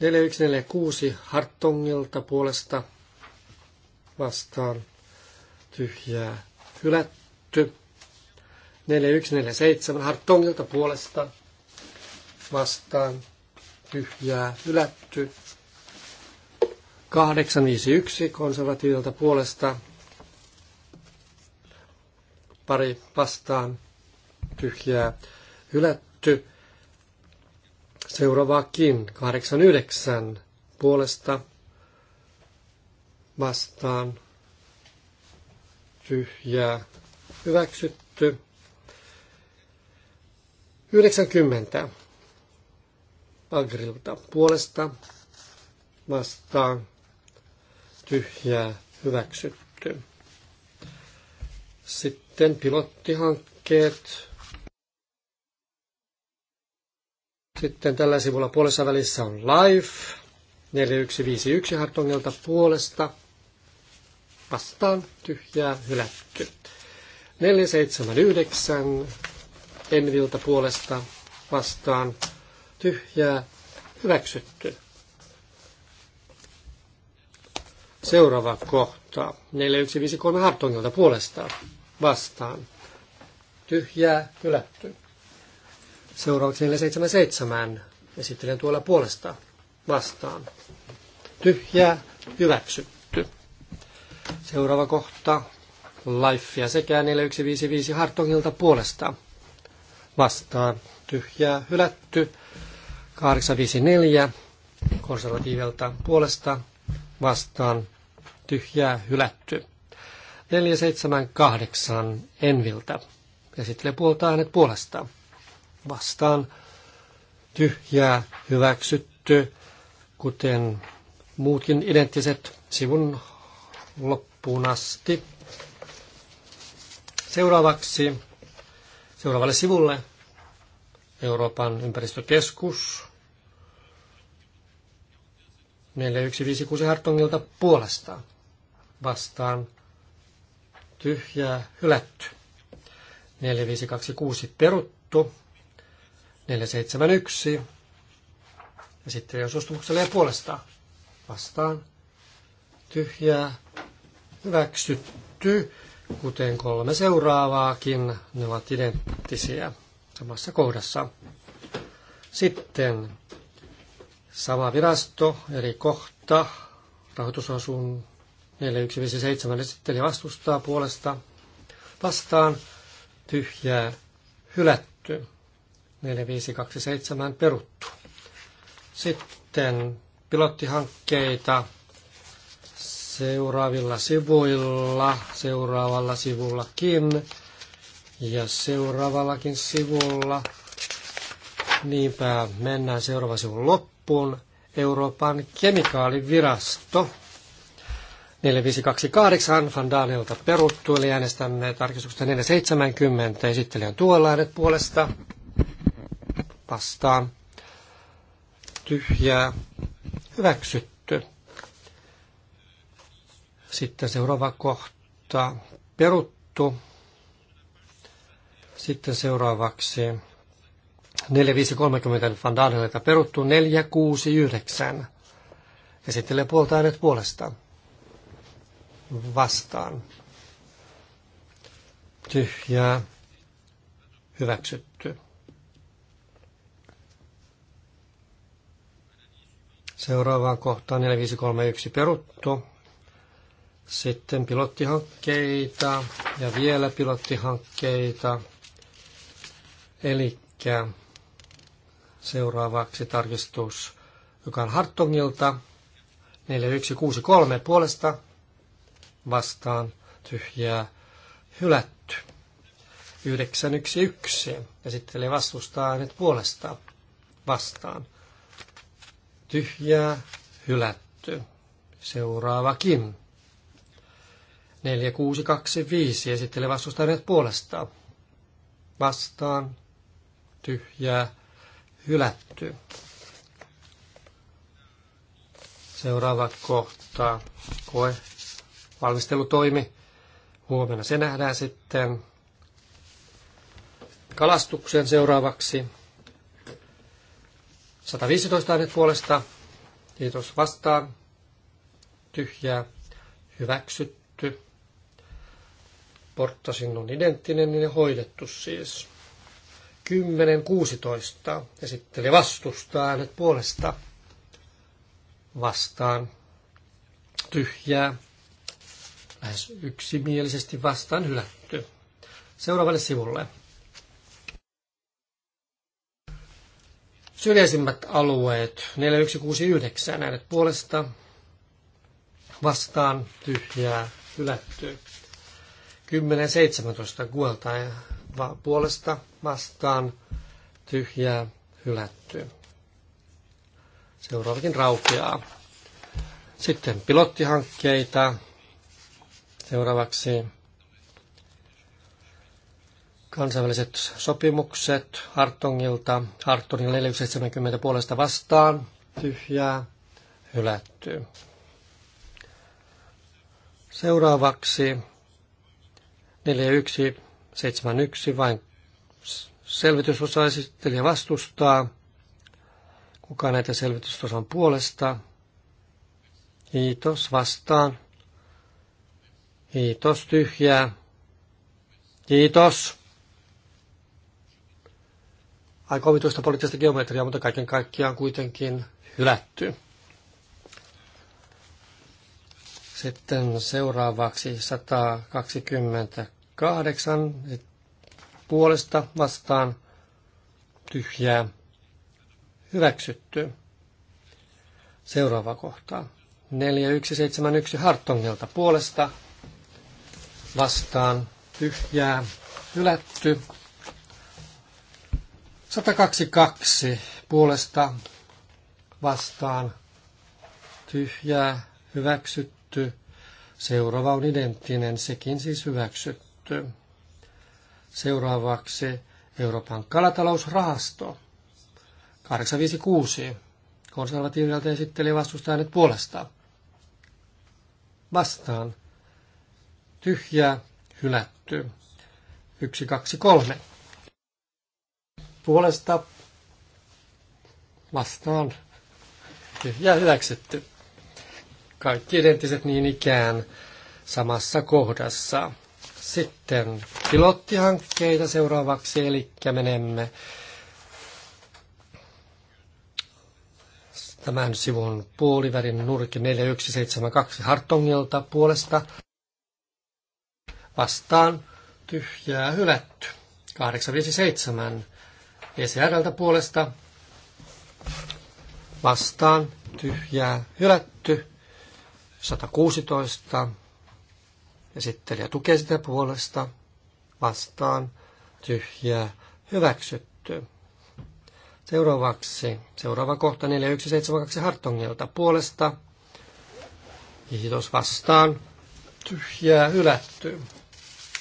4146 Hartongilta puolesta vastaan tyhjää hylätty. 4147 Hartongilta puolesta vastaan tyhjää hylätty. 851 konservatiivilta puolesta pari vastaan tyhjää hylätty. Seuraavaakin 89 puolesta vastaan tyhjää hyväksytty. 90 Agrilta puolesta vastaan tyhjää hyväksytty. Sitten pilottihankkeet Sitten tällä sivulla puolessa välissä on Life 4151 Hartongelta puolesta. Vastaan tyhjää hylätty. 479 envilta puolesta vastaan tyhjää hyväksytty. Seuraava kohta. 4153 Hartongilta puolestaan vastaan. Tyhjää hylätty. Seuraavaksi 477 esittelen tuolla puolesta vastaan. Tyhjää hyväksytty. Seuraava kohta. life ja sekä 4155 Hartongilta puolesta vastaan. Tyhjää hylätty. 854 konservatiivelta puolesta vastaan. Tyhjää hylätty. 478 Enviltä. sitten puolta äänet puolestaan vastaan tyhjää hyväksytty, kuten muutkin identtiset sivun loppuun asti. Seuraavaksi seuraavalle sivulle Euroopan ympäristökeskus 4156 Hartongilta puolestaan vastaan tyhjää hylätty. 4526 peruttu. 471. Ja sitten jos suostumuksella ei puolesta vastaan tyhjää hyväksytty, kuten kolme seuraavaakin, ne ovat identtisiä samassa kohdassa. Sitten sama virasto, eri kohta, rahoitusosuun 4157 esitteli vastustaa puolesta vastaan tyhjää hylätty. 4527 peruttu. Sitten pilottihankkeita seuraavilla sivuilla, seuraavalla sivullakin ja seuraavallakin sivulla. Niinpä mennään seuraavan sivun loppuun. Euroopan kemikaalivirasto. 4528 Van Danielta peruttu, eli äänestämme tarkistuksesta 470 esittelijän tuolla äänet puolesta vastaan tyhjää hyväksytty. Sitten seuraava kohta peruttu. Sitten seuraavaksi 4530 Van Dalenilta peruttu 469. Esittelee puolta äänet puolesta. Vastaan. Tyhjää. Hyväksytty. Seuraavaan kohtaan 4531 peruttu. Sitten pilottihankkeita ja vielä pilottihankkeita. Eli seuraavaksi tarkistus, joka on Hartongilta 4163 puolesta vastaan tyhjää hylätty. 911 esittelee vastustaa nyt puolesta vastaan tyhjää, hylätty. Seuraavakin. 4625 esittelee vastustajat puolesta. Vastaan, tyhjää, hylätty. Seuraava kohta, koe, valmistelutoimi. Huomenna se nähdään sitten. Kalastuksen seuraavaksi. 115 äänet puolesta. Kiitos vastaan. Tyhjää. Hyväksytty. Porttasin on identtinen, niin hoidettu siis. 10.16. Esitteli vastustaa äänet puolesta. Vastaan. Tyhjää. Lähes yksimielisesti vastaan hylätty. Seuraavalle sivulle. syrjäisimmät alueet, 4169, äänet puolesta, vastaan tyhjää, hylätty. 1017 kuolta puolesta vastaan tyhjää hylätty. Seuraavakin raukeaa. Sitten pilottihankkeita. Seuraavaksi Kansainväliset sopimukset Hartongilta. Hartongin 470 puolesta vastaan. Tyhjää. Hylätty. Seuraavaksi 4171 vain selvitysosa ja vastustaa. Kuka näitä selvitysosan puolesta? Kiitos vastaan. Kiitos tyhjää. Kiitos aika omituista poliittista geometriaa, mutta kaiken kaikkiaan kuitenkin hylätty. Sitten seuraavaksi 128 puolesta vastaan tyhjää hyväksytty. Seuraava kohta. 4171 Hartongilta puolesta vastaan tyhjää hylätty. 122 puolesta vastaan tyhjää hyväksytty. Seuraava on identtinen, sekin siis hyväksytty. Seuraavaksi Euroopan kalatalousrahasto 856. Konservatiivilta esitteli vastustaa puolesta. Vastaan. Tyhjää, hylätty. 123 puolesta vastaan ja hyväksytty. Kaikki identtiset niin ikään samassa kohdassa. Sitten pilottihankkeita seuraavaksi, eli menemme tämän sivun puolivälin nurki 4172 Hartongilta puolesta vastaan tyhjää hylätty. 857 ECRltä puolesta vastaan tyhjää hylätty 116. Esittelijä tukee sitä puolesta vastaan tyhjää hyväksytty. Seuraavaksi, seuraava kohta 4172 Hartongilta puolesta. Kiitos vastaan. Tyhjää hylätty.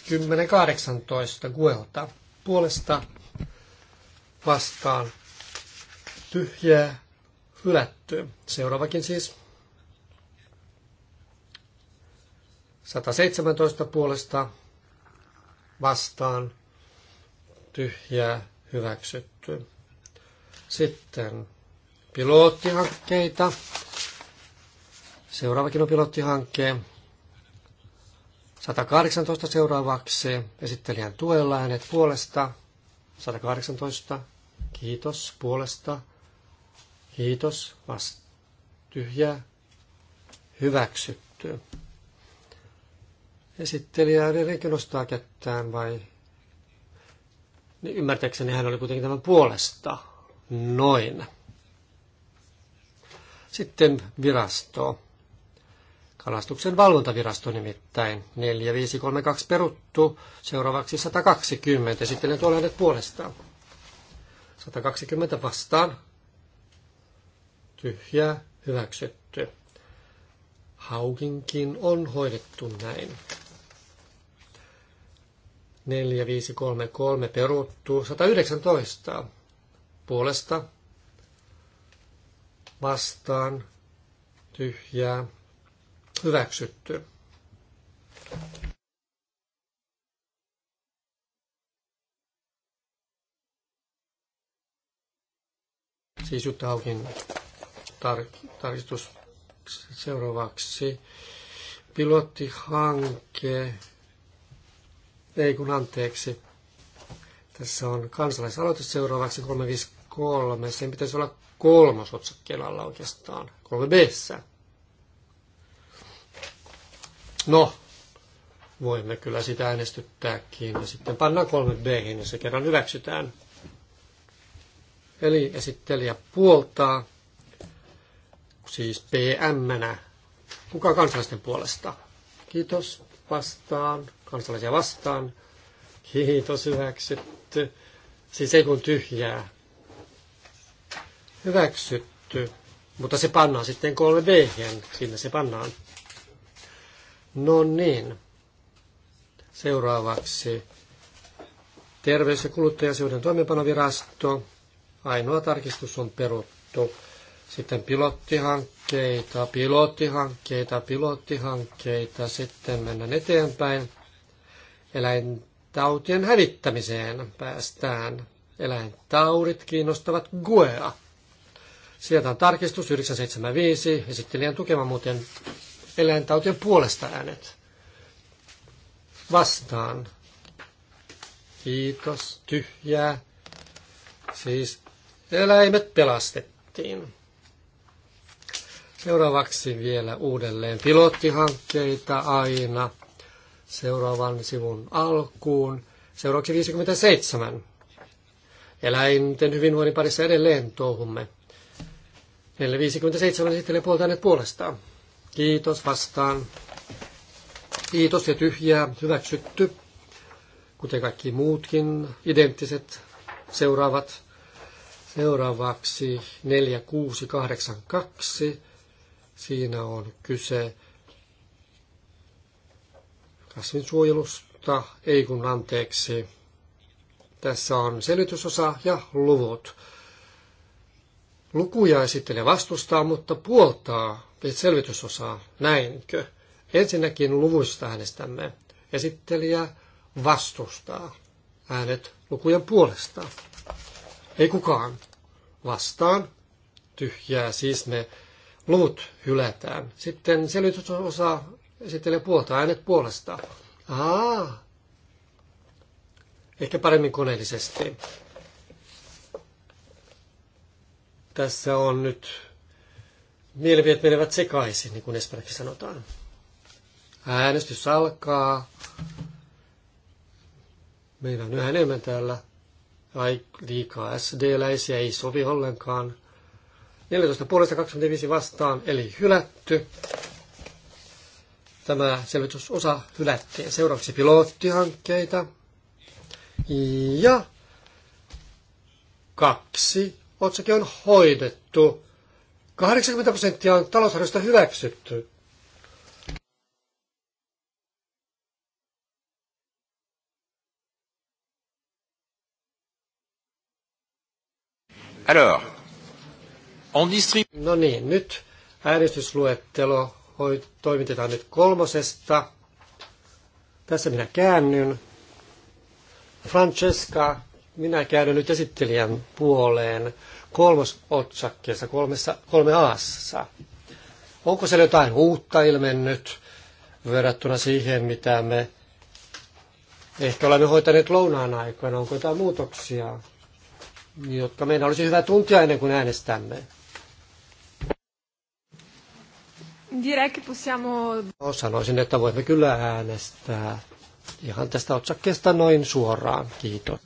1018 Guelta puolesta vastaan tyhjää hylättyä. Seuraavakin siis 117 puolesta vastaan tyhjää hyväksytty. Sitten pilottihankkeita. Seuraavakin on pilottihankkeen. 118 seuraavaksi esittelijän tuella hänet puolesta. 118 Kiitos puolesta. Kiitos vasta. tyhjä Hyväksytty. Esittelijä Rikin nostaa kättään vai? Niin ymmärtääkseni hän oli kuitenkin tämän puolesta. Noin. Sitten virasto kalastuksen valvontavirasto nimittäin. 4532 peruttu, seuraavaksi 120, sitten ne tuolle puolestaan. 120 vastaan. tyhjä hyväksytty. Haukinkin on hoidettu näin. 4533 peruttu 119 puolesta vastaan tyhjää hyväksytty. Siis Jutta Haukin tar- tarkistus seuraavaksi. Pilottihanke, ei kun anteeksi. Tässä on kansalaisaloite seuraavaksi 353. Sen pitäisi olla kolmas otsakkeen alla oikeastaan, 3 b No, voimme kyllä sitä äänestyttääkin ja sitten pannaan 3 b ja se kerran hyväksytään. Eli esittelijä puoltaa, siis pm Kuka kansalaisten puolesta? Kiitos. Vastaan. Kansalaisia vastaan. Kiitos. Hyväksytty. Siis ei kun tyhjää. Hyväksytty. Mutta se pannaan sitten 3B. Sinne se pannaan. No niin. Seuraavaksi terveys- ja kuluttajasioiden toimeenpanovirasto. Ainoa tarkistus on peruttu. Sitten pilottihankkeita, pilottihankkeita, pilottihankkeita. Sitten mennään eteenpäin. Eläintautien hävittämiseen päästään. Eläintaudit kiinnostavat GUEA. Sieltä on tarkistus 975, esittelijän tukema muuten eläintautien puolesta äänet. Vastaan. Kiitos. Tyhjää. Siis eläimet pelastettiin. Seuraavaksi vielä uudelleen pilottihankkeita aina seuraavan sivun alkuun. Seuraavaksi 57. Eläinten hyvinvoinnin parissa edelleen touhumme. 457 esittelee puolta puolestaan. Kiitos vastaan. Kiitos ja tyhjää. Hyväksytty. Kuten kaikki muutkin identtiset seuraavat Seuraavaksi 4682. Siinä on kyse kasvinsuojelusta, ei kun anteeksi. Tässä on selitysosa ja luvut. Lukuja esittelee vastustaa, mutta puoltaa selvitysosaa. Näinkö? Ensinnäkin luvuista äänestämme. Esittelijä vastustaa äänet lukujen puolesta. Ei kukaan. Vastaan. Tyhjää. Siis ne luvut hylätään. Sitten selitysosa esittelee puolta äänet puolesta. Aa. Ehkä paremmin koneellisesti. Tässä on nyt mielipiteet menevät sekaisin, niin kuin esimerkiksi sanotaan. Äänestys alkaa. Meillä on yhä enemmän täällä ai, liikaa SD-läisiä ei sovi ollenkaan. 14 vastaan, eli hylätty. Tämä selvitysosa hylättiin. Seuraavaksi pilottihankkeita. Ja kaksi. Otsake on hoidettu. 80 prosenttia on talousarvosta hyväksytty. Alors, on distribue... no niin, nyt äänestysluettelo toimitetaan nyt kolmosesta. Tässä minä käännyn. Francesca, minä käännyn nyt esittelijän puoleen kolmosotsakkeessa, kolmessa, kolme aassa. Onko siellä jotain uutta ilmennyt verrattuna siihen, mitä me ehkä olemme hoitaneet lounaan aikana? Onko jotain muutoksia? jotka meidän olisi hyvä tuntia ennen kuin äänestämme. Direi che possiamo... No, sanoisin, että voimme kyllä äänestää ihan tästä otsakkeesta noin suoraan. Kiitos.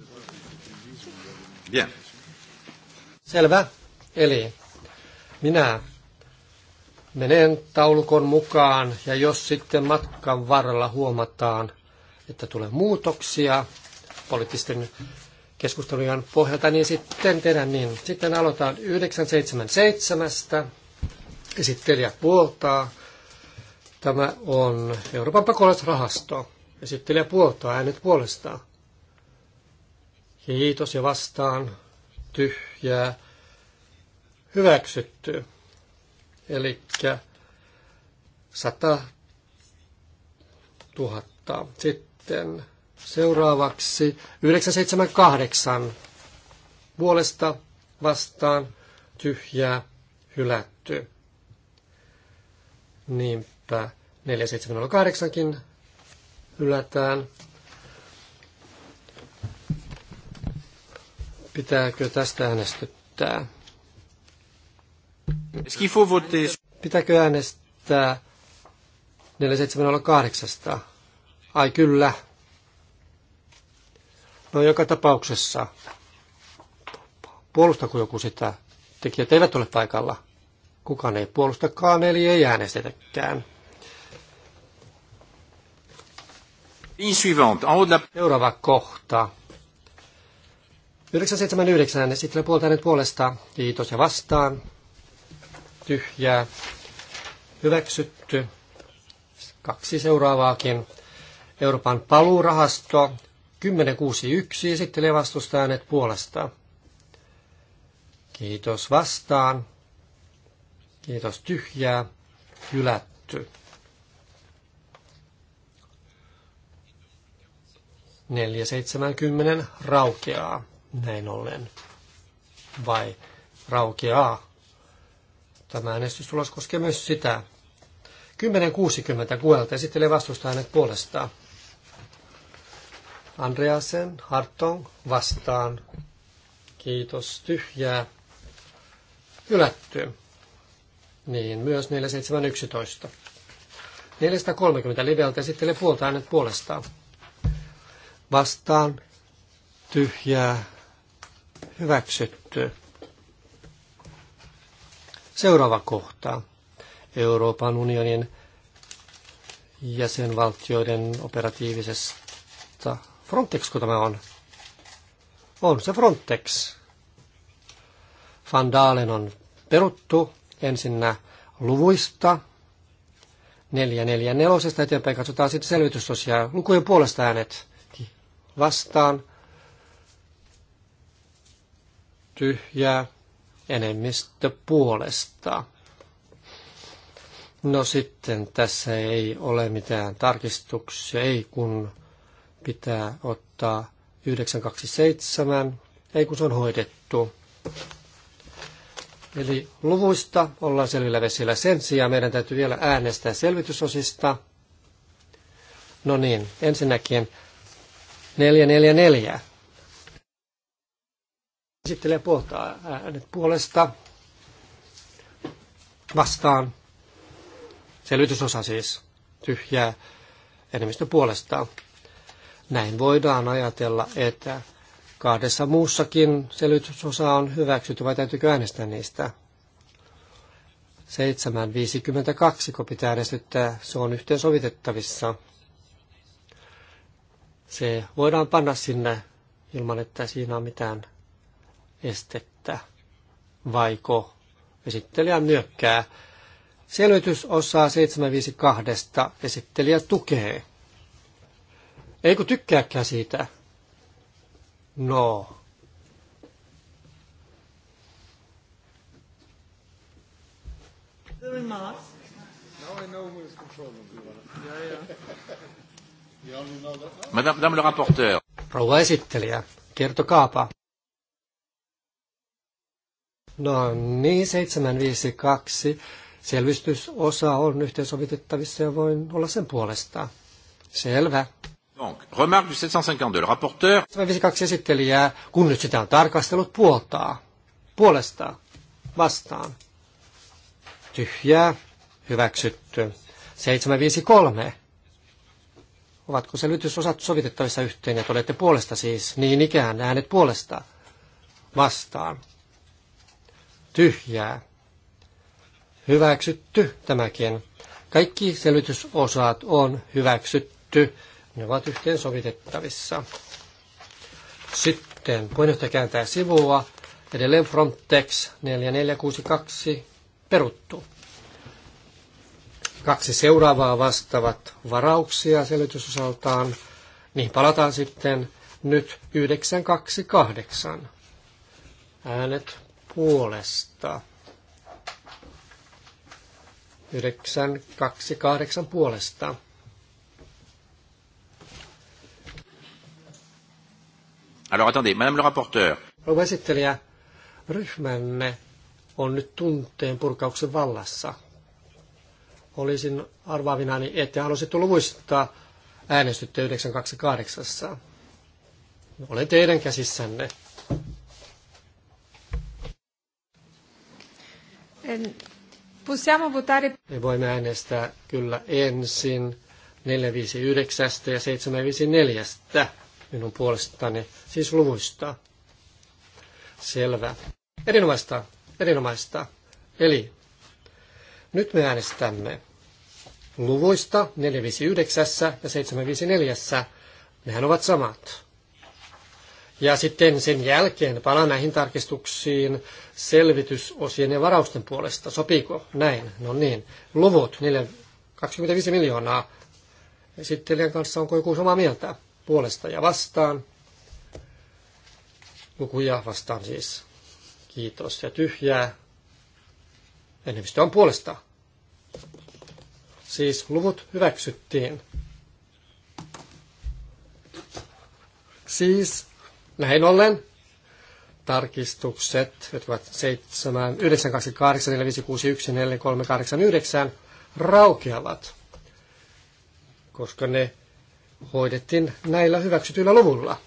Bien. Selvä. Eli minä menen taulukon mukaan ja jos sitten matkan varrella huomataan, että tulee muutoksia poliittisten keskustelujen pohjalta, niin sitten tehdään niin. Sitten aloitetaan 977. Esittelijä puoltaa. Tämä on Euroopan pakolaisrahasto. Esittelijä puoltaa äänet puolestaan. Kiitos ja vastaan. Tyhjää. Hyväksytty. Eli 100 000. Sitten Seuraavaksi 978 puolesta vastaan tyhjää hylätty. Niinpä 4708kin hylätään. Pitääkö tästä äänestyttää? Pitääkö äänestää 4708? Ai kyllä, No joka tapauksessa, puolustako joku sitä? Tekijät eivät ole paikalla. Kukaan ei puolustakaan, eli ei äänestetäkään. Seuraava kohta. 979 esittelen puolta hänen puolesta Kiitos ja vastaan. Tyhjää. Hyväksytty. Kaksi seuraavaakin. Euroopan paluurahasto 1061 esittelee vastustajanet puolesta. Kiitos vastaan. Kiitos tyhjää. Hylätty. 470 raukeaa näin ollen. Vai raukeaa? Tämä äänestystulos koskee myös sitä. 1060 kuelta esittelee vastustajanet puolestaan. Andreasen, Hartong vastaan. Kiitos, tyhjää. Hylätty. Niin, myös 4711. 430 liveltä esittelee puolta äänet puolestaan. Vastaan tyhjää hyväksytty. Seuraava kohta. Euroopan unionin jäsenvaltioiden operatiivisesta Frontex, kun tämä on? On se Frontex. Van Dalen on peruttu ensinnä luvuista 444 eteenpäin. Katsotaan sitten selvitysosia. Lukujen puolesta äänet vastaan. tyhjä enemmistö puolesta. No sitten tässä ei ole mitään tarkistuksia, ei kun pitää ottaa 927, ei kun se on hoidettu. Eli luvuista ollaan selvillä vesillä. Sen sijaan meidän täytyy vielä äänestää selvitysosista. No niin, ensinnäkin 444. Esittelee puolta äänet puolesta vastaan. Selvitysosa siis tyhjää enemmistö puolestaan. Näin voidaan ajatella, että kahdessa muussakin selitysosa on hyväksytty, vai täytyykö äänestää niistä? 752, kun pitää äänestyttää, se on yhteensovitettavissa. Se voidaan panna sinne ilman, että siinä on mitään estettä. Vaiko esittelijä nyökkää. Selvitysosaa 752 esittelijä tukee. Ei kun tykkääkään siitä. No. Madame, Madame le rapporteur. Rouva esittelijä, kertokaapa. No niin, 752. Selvistysosa on yhteensovitettavissa ja voin olla sen puolesta. Selvä, Donc, remarque du 752, le rapporteur. 752 esittelijää, kun nyt sitä on tarkastellut, puoltaa. Puolesta Vastaan. Tyhjää. Hyväksytty. 753. Ovatko selvitysosat sovitettavissa yhteen ja olette puolesta siis? Niin ikään äänet puolesta. Vastaan. Tyhjää. Hyväksytty tämäkin. Kaikki selvitysosat on hyväksytty. Ne ovat yhteensovitettavissa. Sitten puheenjohtaja kääntää sivua. Edelleen Frontex 4462 peruttu. Kaksi seuraavaa vastaavat varauksia selitysosaltaan. Niihin palataan sitten nyt 928. Äänet puolesta. 928 puolesta Alors attendez, madame le rapporteur. ryhmänne on nyt tunteen purkauksen vallassa. Olisin arvaavinani, niin että halusitte luvuista äänestytte 928. Olen teidän käsissänne. En, possiamo votare... Me voimme äänestää kyllä ensin 459 ja 754 minun puolestani, siis luvuista. Selvä. Erinomaista, erinomaista. Eli nyt me äänestämme luvuista 459 ja 754. Nehän ovat samat. Ja sitten sen jälkeen palaan näihin tarkistuksiin selvitysosien ja varausten puolesta. Sopiiko näin? No niin. Luvut, 25 miljoonaa. Esittelijän kanssa onko joku samaa mieltä? puolesta ja vastaan. Lukuja vastaan siis. Kiitos ja tyhjää. Enemmistö on puolesta. Siis luvut hyväksyttiin. Siis näin ollen tarkistukset, jotka ovat 7, 9, 2, 8, 4, 5, 6, 1, 4, 3, 8, 9, raukeavat, koska ne hoidettiin näillä hyväksytyillä luvulla.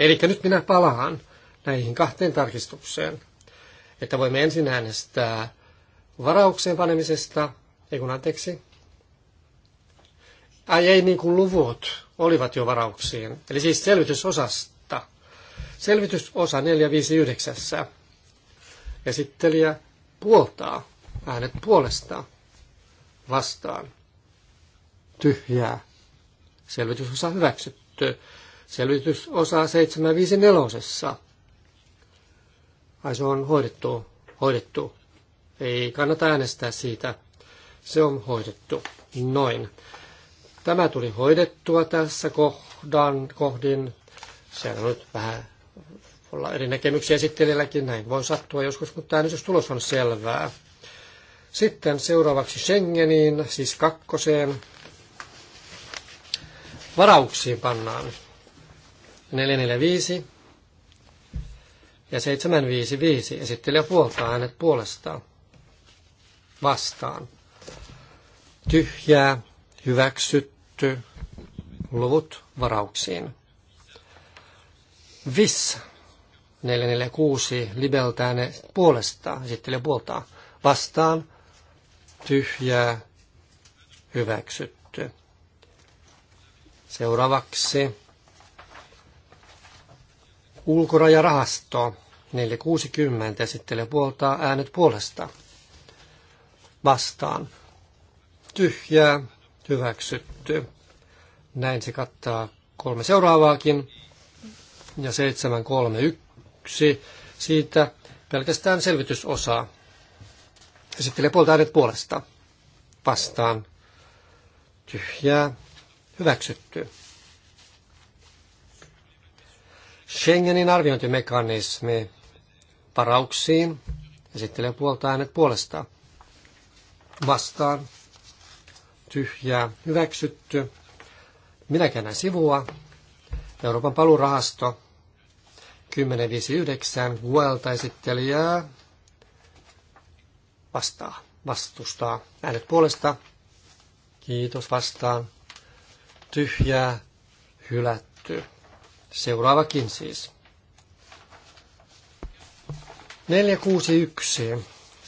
Eli nyt minä palaan näihin kahteen tarkistukseen, että voimme ensin äänestää varaukseen panemisesta, ei kun anteeksi, ai ei niin kuin luvut olivat jo varauksiin, eli siis selvitysosasta. Selvitysosa 459. Esittelijä puoltaa, äänet puolesta vastaan. Tyhjää Selvitysosa hyväksytty. Selvitysosa 754. Ai se on hoidettu. Hoidettu. Ei kannata äänestää siitä. Se on hoidettu. Noin. Tämä tuli hoidettua tässä kohdan, kohdin. Se on nyt vähän olla eri näkemyksiä esittelijälläkin. Näin voi sattua joskus, mutta äänestystulos on selvää. Sitten seuraavaksi Schengeniin, siis kakkoseen varauksiin pannaan. 445 ja 755 esittelijä puoltaa äänet puolestaan vastaan. Tyhjää, hyväksytty, luvut varauksiin. Vis 446 libeltää ne puolestaan, esittelijä puoltaa vastaan. Tyhjää, hyväksytty Seuraavaksi ulkorajarahasto 460 esittelee puolta, äänet puolesta. Vastaan. Tyhjää. Hyväksytty. Näin se kattaa kolme seuraavaakin. Ja 731. Siitä pelkästään selvitysosa. Esittelee puolta äänet puolesta. Vastaan. Tyhjää. Hyväksytty. Schengenin arviointimekanismi parauksiin. Esittelee puolta äänet puolestaan. Vastaan. Tyhjää. Hyväksytty. Minä käännän sivua. Euroopan palurahasto. 1059. Guelta esittelijää. Vastaa. Vastustaa. Äänet puolesta. Kiitos vastaan tyhjää, hylätty. Seuraavakin siis. 461.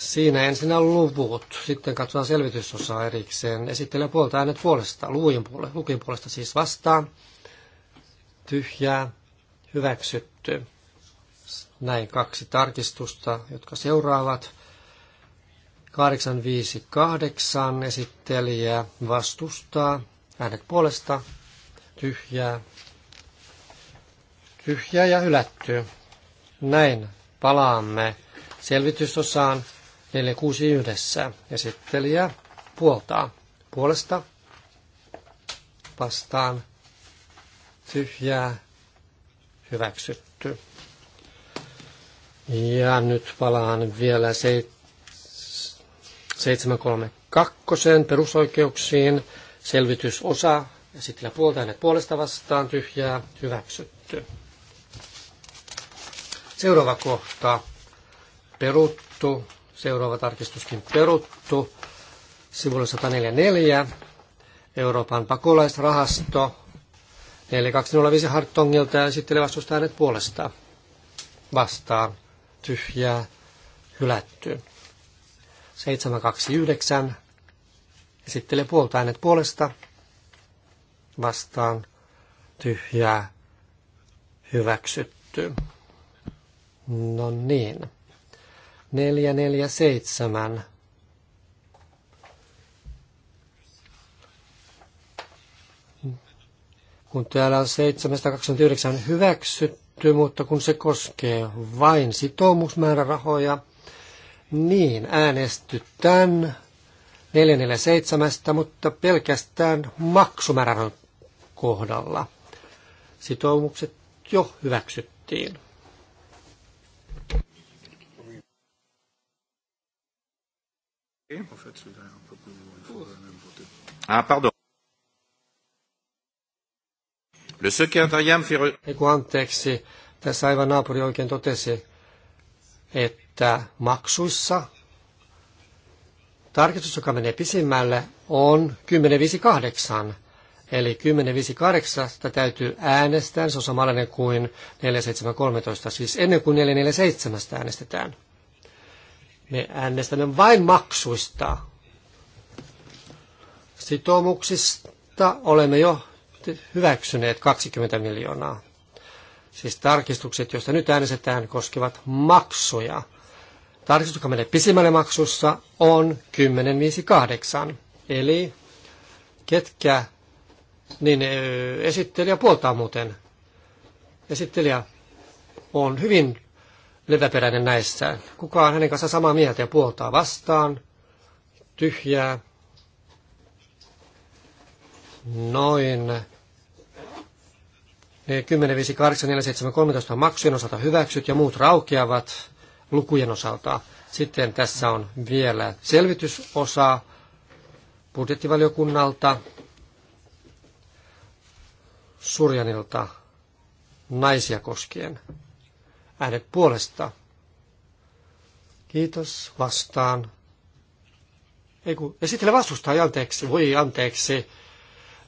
Siinä ensin on luvut, sitten katsotaan selvitysosaa erikseen. Esittelee puolta äänet puolesta, luvujen puolesta, lukin puolesta siis vastaan. Tyhjää, hyväksytty. Näin kaksi tarkistusta, jotka seuraavat. 858 esittelijä vastustaa Äänet puolesta. Tyhjää. Tyhjää ja hylätty. Näin palaamme selvitysosaan 461. Esittelijä puoltaa. Puolesta vastaan tyhjää hyväksytty. Ja nyt palaan vielä 732 perusoikeuksiin. Selvitysosa esittelijä puolta hänet puolesta vastaan tyhjää hyväksytty. Seuraava kohta peruttu. Seuraava tarkistuskin peruttu. Sivulla 144. Euroopan pakolaisrahasto. 4205 Hartongilta ja esittelee vastustaa hänet puolestaan. Vastaan. Tyhjää. Hylätty. 729 esittelee puolta äänet puolesta vastaan tyhjää hyväksytty. No niin. 447. Kun täällä on 729 hyväksytty, mutta kun se koskee vain sitoumusmäärärahoja, niin äänestytään 447, mutta pelkästään maksumäärän kohdalla. Sitoumukset jo hyväksyttiin. Ah, pardon. Le secrétariat fait... Eiku anteeksi, tässä aivan naapuri oikein totesi, että maksuissa Tarkistus, joka menee pisimmälle, on 1058. Eli 10.58 täytyy äänestää, se on samanlainen kuin 4.7.13, siis ennen kuin 4.47 äänestetään. Me äänestämme vain maksuista. Sitoumuksista olemme jo hyväksyneet 20 miljoonaa. Siis tarkistukset, joista nyt äänestetään, koskevat maksuja. Tarkistus, joka menee pisimmälle maksussa, on 10.58. Eli ketkä, niin esittelijä puoltaa muuten. Esittelijä on hyvin leväperäinen näissä. Kuka on hänen kanssaan samaa mieltä ja puoltaa vastaan. Tyhjää. Noin. 10, 5, 8, 4, 7, 13 maksujen osalta hyväksyt ja muut raukeavat lukujen osalta. Sitten tässä on vielä selvitysosa budjettivaliokunnalta Surjanilta naisia koskien. Äänet puolesta. Kiitos vastaan. Ei kun esittele vastustaa, anteeksi, voi anteeksi.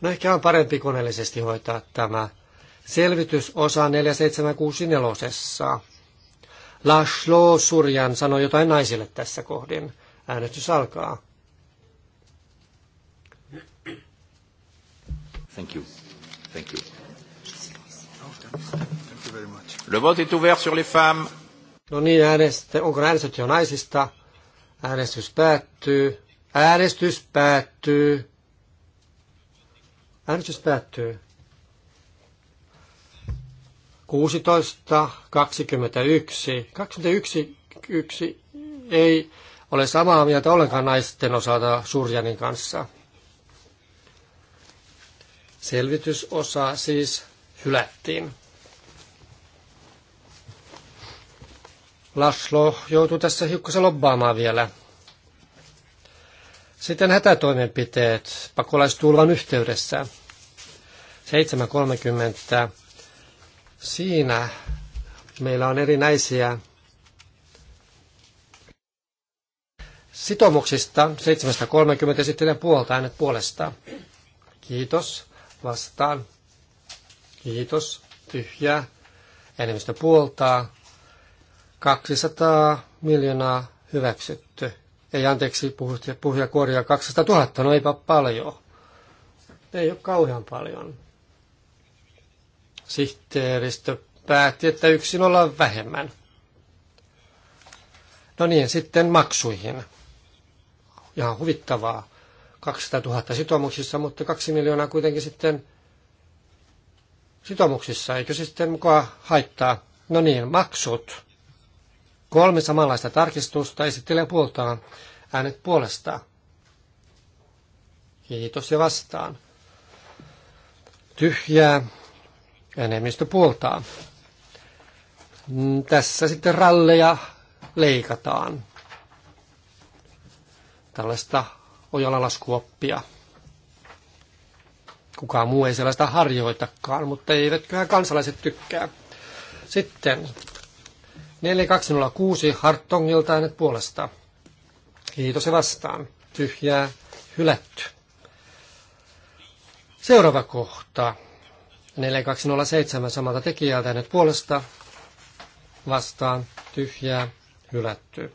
No ehkä on parempi koneellisesti hoitaa tämä. selvitysosa 4764. Laszlo Surjan sanoi jotain naisille tässä kohdin. Äänestys alkaa. Thank you. Thank you. Thank you very much. Le vote est ouvert sur les femmes. No niin, äänestä, onko äänestetty jo naisista? Äänestys päättyy. Äänestys päättyy. Äänestys päättyy. 16, 21. 21 yksi ei ole samaa mieltä ollenkaan naisten osalta Surjanin kanssa. Selvitysosa siis hylättiin. Laslo joutuu tässä hiukkasen lobbaamaan vielä. Sitten hätätoimenpiteet pakolaistulvan yhteydessä. 7.30 Siinä meillä on erinäisiä sitoumuksista 730 esittelen puolta äänet puolesta. Kiitos. Vastaan. Kiitos. Tyhjää. Enemmistö puoltaa. 200 miljoonaa hyväksytty. Ei anteeksi puhuja kuoria 200 000, no eipä paljon. Ei ole kauhean paljon sihteeristö päätti, että yksin ollaan vähemmän. No niin, sitten maksuihin. Ihan huvittavaa. 200 000 sitoumuksissa, mutta 2 miljoonaa kuitenkin sitten sitoumuksissa. Eikö se sitten mukaan haittaa? No niin, maksut. Kolme samanlaista tarkistusta esittelee puoltaan äänet puolesta. Kiitos ja vastaan. Tyhjää Enemmistö puoltaa. Tässä sitten ralleja leikataan. Tällaista ojalalaskuoppia. Kukaan muu ei sellaista harjoitakaan, mutta eivätköhän kansalaiset tykkää. Sitten 4206 Hartongilta äänet puolesta. Kiitos ja vastaan. Tyhjää hylätty. Seuraava kohta. 4207 samalta tekijältä äänet puolesta vastaan tyhjää hylätty.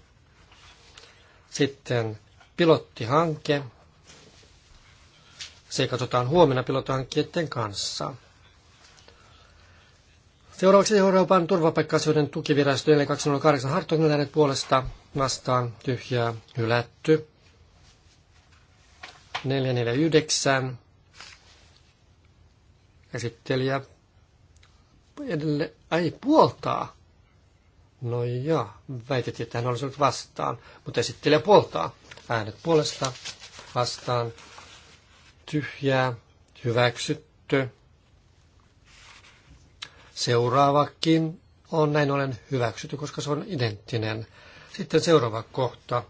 Sitten pilottihanke. Se katsotaan huomenna pilottihankkeiden kanssa. Seuraavaksi Euroopan turvapaikka-asioiden tukivirasto 4208 Hartongin äänet puolesta vastaan tyhjää hylätty. 449 Esittelijä edelle, ai puoltaa. No joo, väitettiin, että hän olisi ollut vastaan, mutta esittelijä puoltaa. Äänet puolesta vastaan. Tyhjää, hyväksytty. Seuraavakin on näin ollen hyväksytty, koska se on identtinen. Sitten seuraava kohta.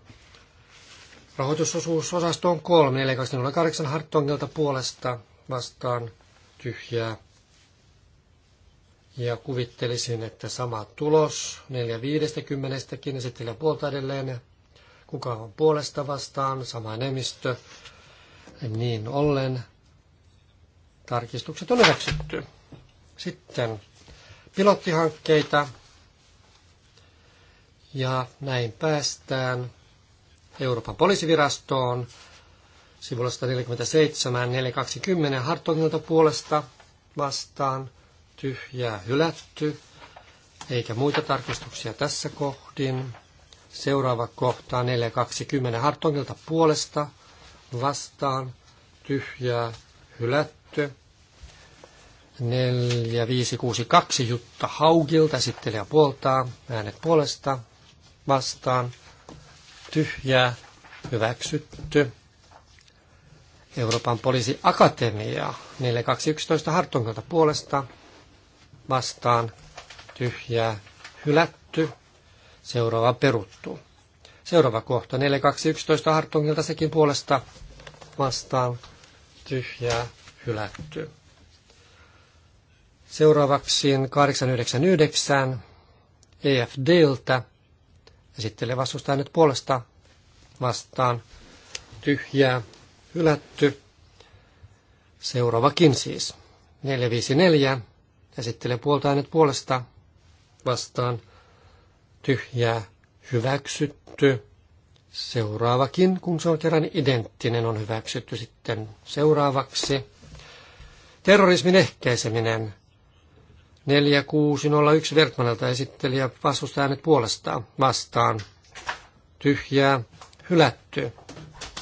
Rahoitusosuusosasto on 3, 8, Hartongilta puolesta vastaan tyhjää. Ja kuvittelisin, että sama tulos 4.50kin esittelijä puolta edelleen. Kuka on puolesta vastaan, sama enemmistö. Niin ollen tarkistukset on hyväksytty. Sitten pilottihankkeita. Ja näin päästään Euroopan poliisivirastoon sivulla 147, 420 Hartongilta puolesta vastaan, tyhjää hylätty, eikä muita tarkistuksia tässä kohdin. Seuraava kohta 420 Hartongilta puolesta vastaan, tyhjää hylätty. 4562 Jutta Haugilta esittelijä puoltaa, äänet puolesta vastaan, tyhjää hyväksytty. Euroopan poliisi Akatemia 4211 hartongilta puolesta vastaan tyhjää hylätty. Seuraava peruttu. Seuraava kohta 4211 Hartungilta sekin puolesta vastaan tyhjää hylätty. Seuraavaksi 899 EFDltä esittelee vastustajan nyt puolesta vastaan tyhjää hylätty. Seuraavakin siis 454 esittelee puolta äänet puolesta vastaan tyhjää hyväksytty. Seuraavakin, kun se on kerran identtinen, on hyväksytty sitten seuraavaksi. Terrorismin ehkäiseminen. 4601 Vertmanelta esittelijä vastustaa äänet puolestaan vastaan. Tyhjää hylätty.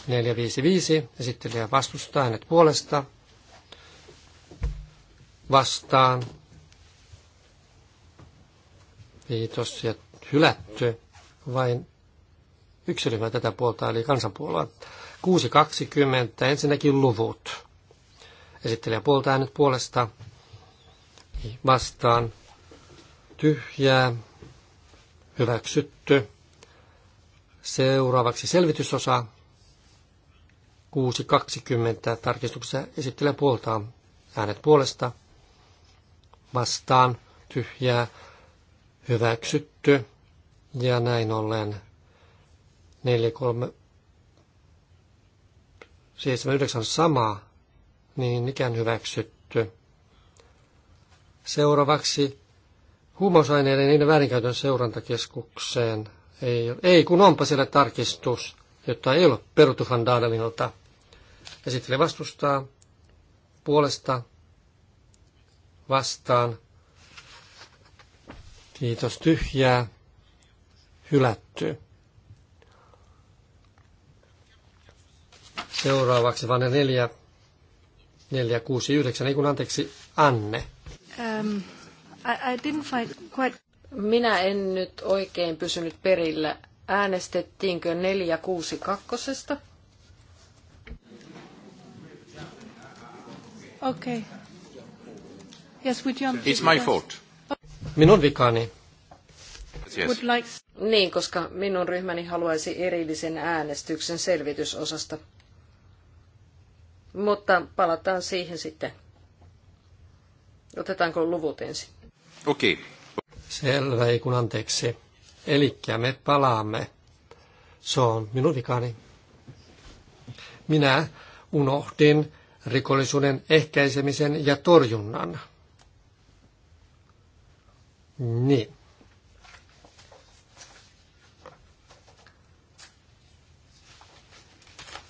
455 esittelijä vastustaa hänet puolesta. Vastaan. Kiitos ja hylätty. Vain yksi tätä puolta, eli kansanpuolue. 6.20. Ensinnäkin luvut. Esittelijä puolta äänet puolesta. Vastaan. Tyhjää. Hyväksytty. Seuraavaksi selvitysosa 6.20 tarkistuksessa esittelen puoltaan äänet puolesta vastaan tyhjää hyväksytty ja näin ollen 4, 3, 7, 9 samaa niin ikään hyväksytty. Seuraavaksi huumausaineiden ja niiden väärinkäytön seurantakeskukseen. Ei, ei kun onpa siellä tarkistus, jota ei ole peruttu van ne vastustaa puolesta vastaan. Kiitos tyhjää. Hylätty. Seuraavaksi vanne 4, 4, 6, 9, ei kun anteeksi, Anne. Um, I, I didn't find quite... Minä en nyt oikein pysynyt perillä. Äänestettiinkö 462? Okay. Yes, we jump. It's my fault. Minun vikani. Yes. Like... Niin, koska minun ryhmäni haluaisi erillisen äänestyksen selvitysosasta. Mutta palataan siihen sitten. Otetaanko luvut ensin? Okei. Okay. Selvä, ei kun anteeksi. Eli me palaamme. Se on minun vikani. Minä unohdin rikollisuuden ehkäisemisen ja torjunnan. Niin.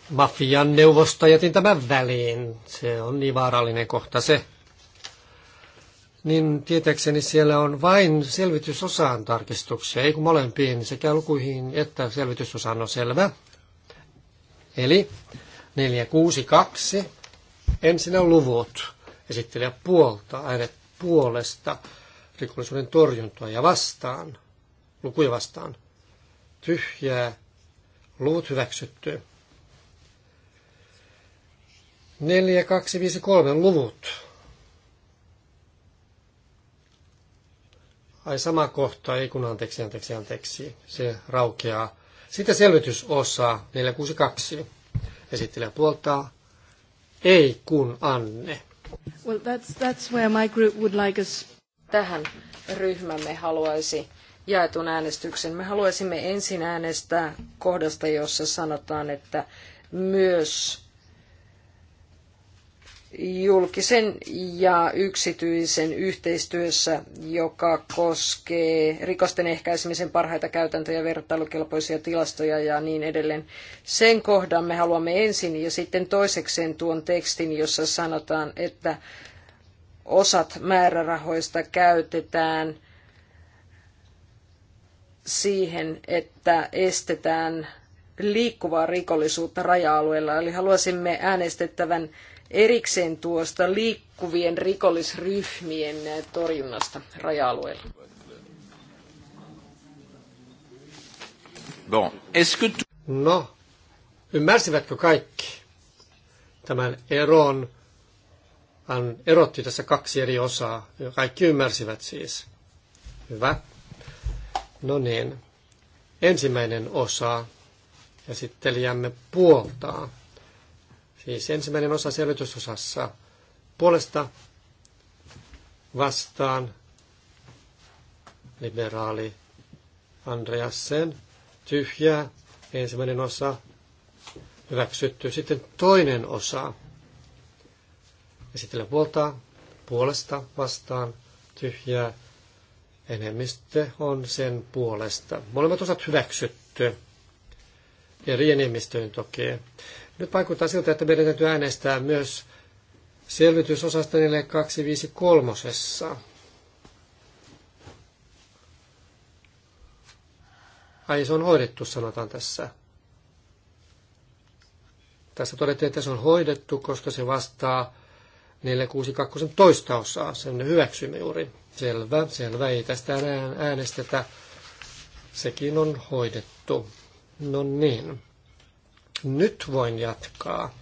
Mafian neuvosta jätin tämän väliin. Se on niin vaarallinen kohta se. Niin tietääkseni siellä on vain selvitysosaan tarkistuksia, ei kun molempiin, sekä lukuihin että selvitysosaan on selvä. Eli 462 Ensinnä luvut. Esittelijä puolta, äänet puolesta, rikollisuuden torjuntaa ja vastaan, lukuja vastaan. Tyhjää, luvut hyväksytty. 4, 2, 5, 3 luvut. Ai sama kohta, ei kun anteeksi, anteeksi, anteeksi. Se raukeaa. Sitten selvitysosa 462. Esittelijä puoltaa ei kun Anne. Well, that's, that's where my group would like us. Tähän ryhmämme haluaisi jaetun äänestyksen. Me haluaisimme ensin äänestää kohdasta, jossa sanotaan, että myös julkisen ja yksityisen yhteistyössä, joka koskee rikosten ehkäisemisen parhaita käytäntöjä, vertailukelpoisia tilastoja ja niin edelleen. Sen kohdan me haluamme ensin ja sitten toisekseen tuon tekstin, jossa sanotaan, että osat määrärahoista käytetään siihen, että estetään liikkuvaa rikollisuutta raja-alueella. Eli haluaisimme äänestettävän erikseen tuosta liikkuvien rikollisryhmien torjunnasta raja-alueella. Bon. No, ymmärsivätkö kaikki tämän eron? Hän erotti tässä kaksi eri osaa. Kaikki ymmärsivät siis. Hyvä. No niin. Ensimmäinen osa. Esittelijämme puoltaa. Siis ensimmäinen osa selvitysosassa puolesta vastaan liberaali Andreasen tyhjää ensimmäinen osa hyväksytty. Sitten toinen osa esitellä puolta puolesta vastaan tyhjää enemmistö on sen puolesta. Molemmat osat hyväksytty. ja enemmistöön toki. Nyt vaikuttaa siltä, että meidän täytyy äänestää myös selvitysosasta 4253. Ai se on hoidettu, sanotaan tässä. Tässä todettiin, että se on hoidettu, koska se vastaa 462 toista osaa. Sen hyväksymme juuri. Selvä, selvä. Ei tästä äänestetä. Sekin on hoidettu. No niin. Nyt voin jatkaa.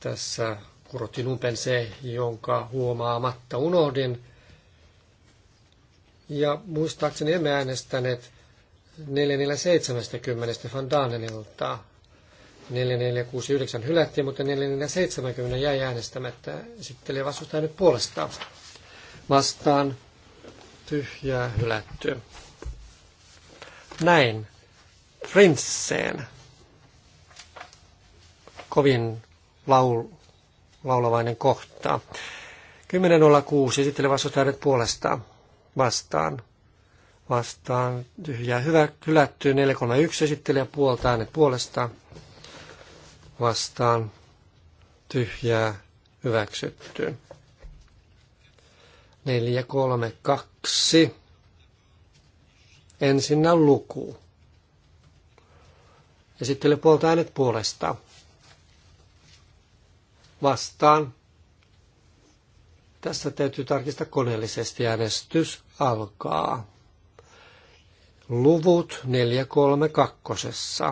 Tässä kurotin umpen se, jonka huomaamatta unohdin. Ja muistaakseni emme äänestäneet 4470 Van Danenilta. 4469 hylättiin, mutta 4470 jäi äänestämättä. sitten vastustaa nyt puolestaan. Vastaan tyhjää hylätty. Näin prinsseen. Kovin laul, laulavainen kohta. 10.06 esittelee vastustajat puolestaan vastaan. Vastaan tyhjää hyvä, hylätty 431 esittelee puolta äänet puolestaan. Vastaan tyhjää hyväksytty. 432. Ensinnä luku Esittely puolta äänet puolesta. Vastaan. Tässä täytyy tarkistaa koneellisesti. Äänestys alkaa. Luvut 432.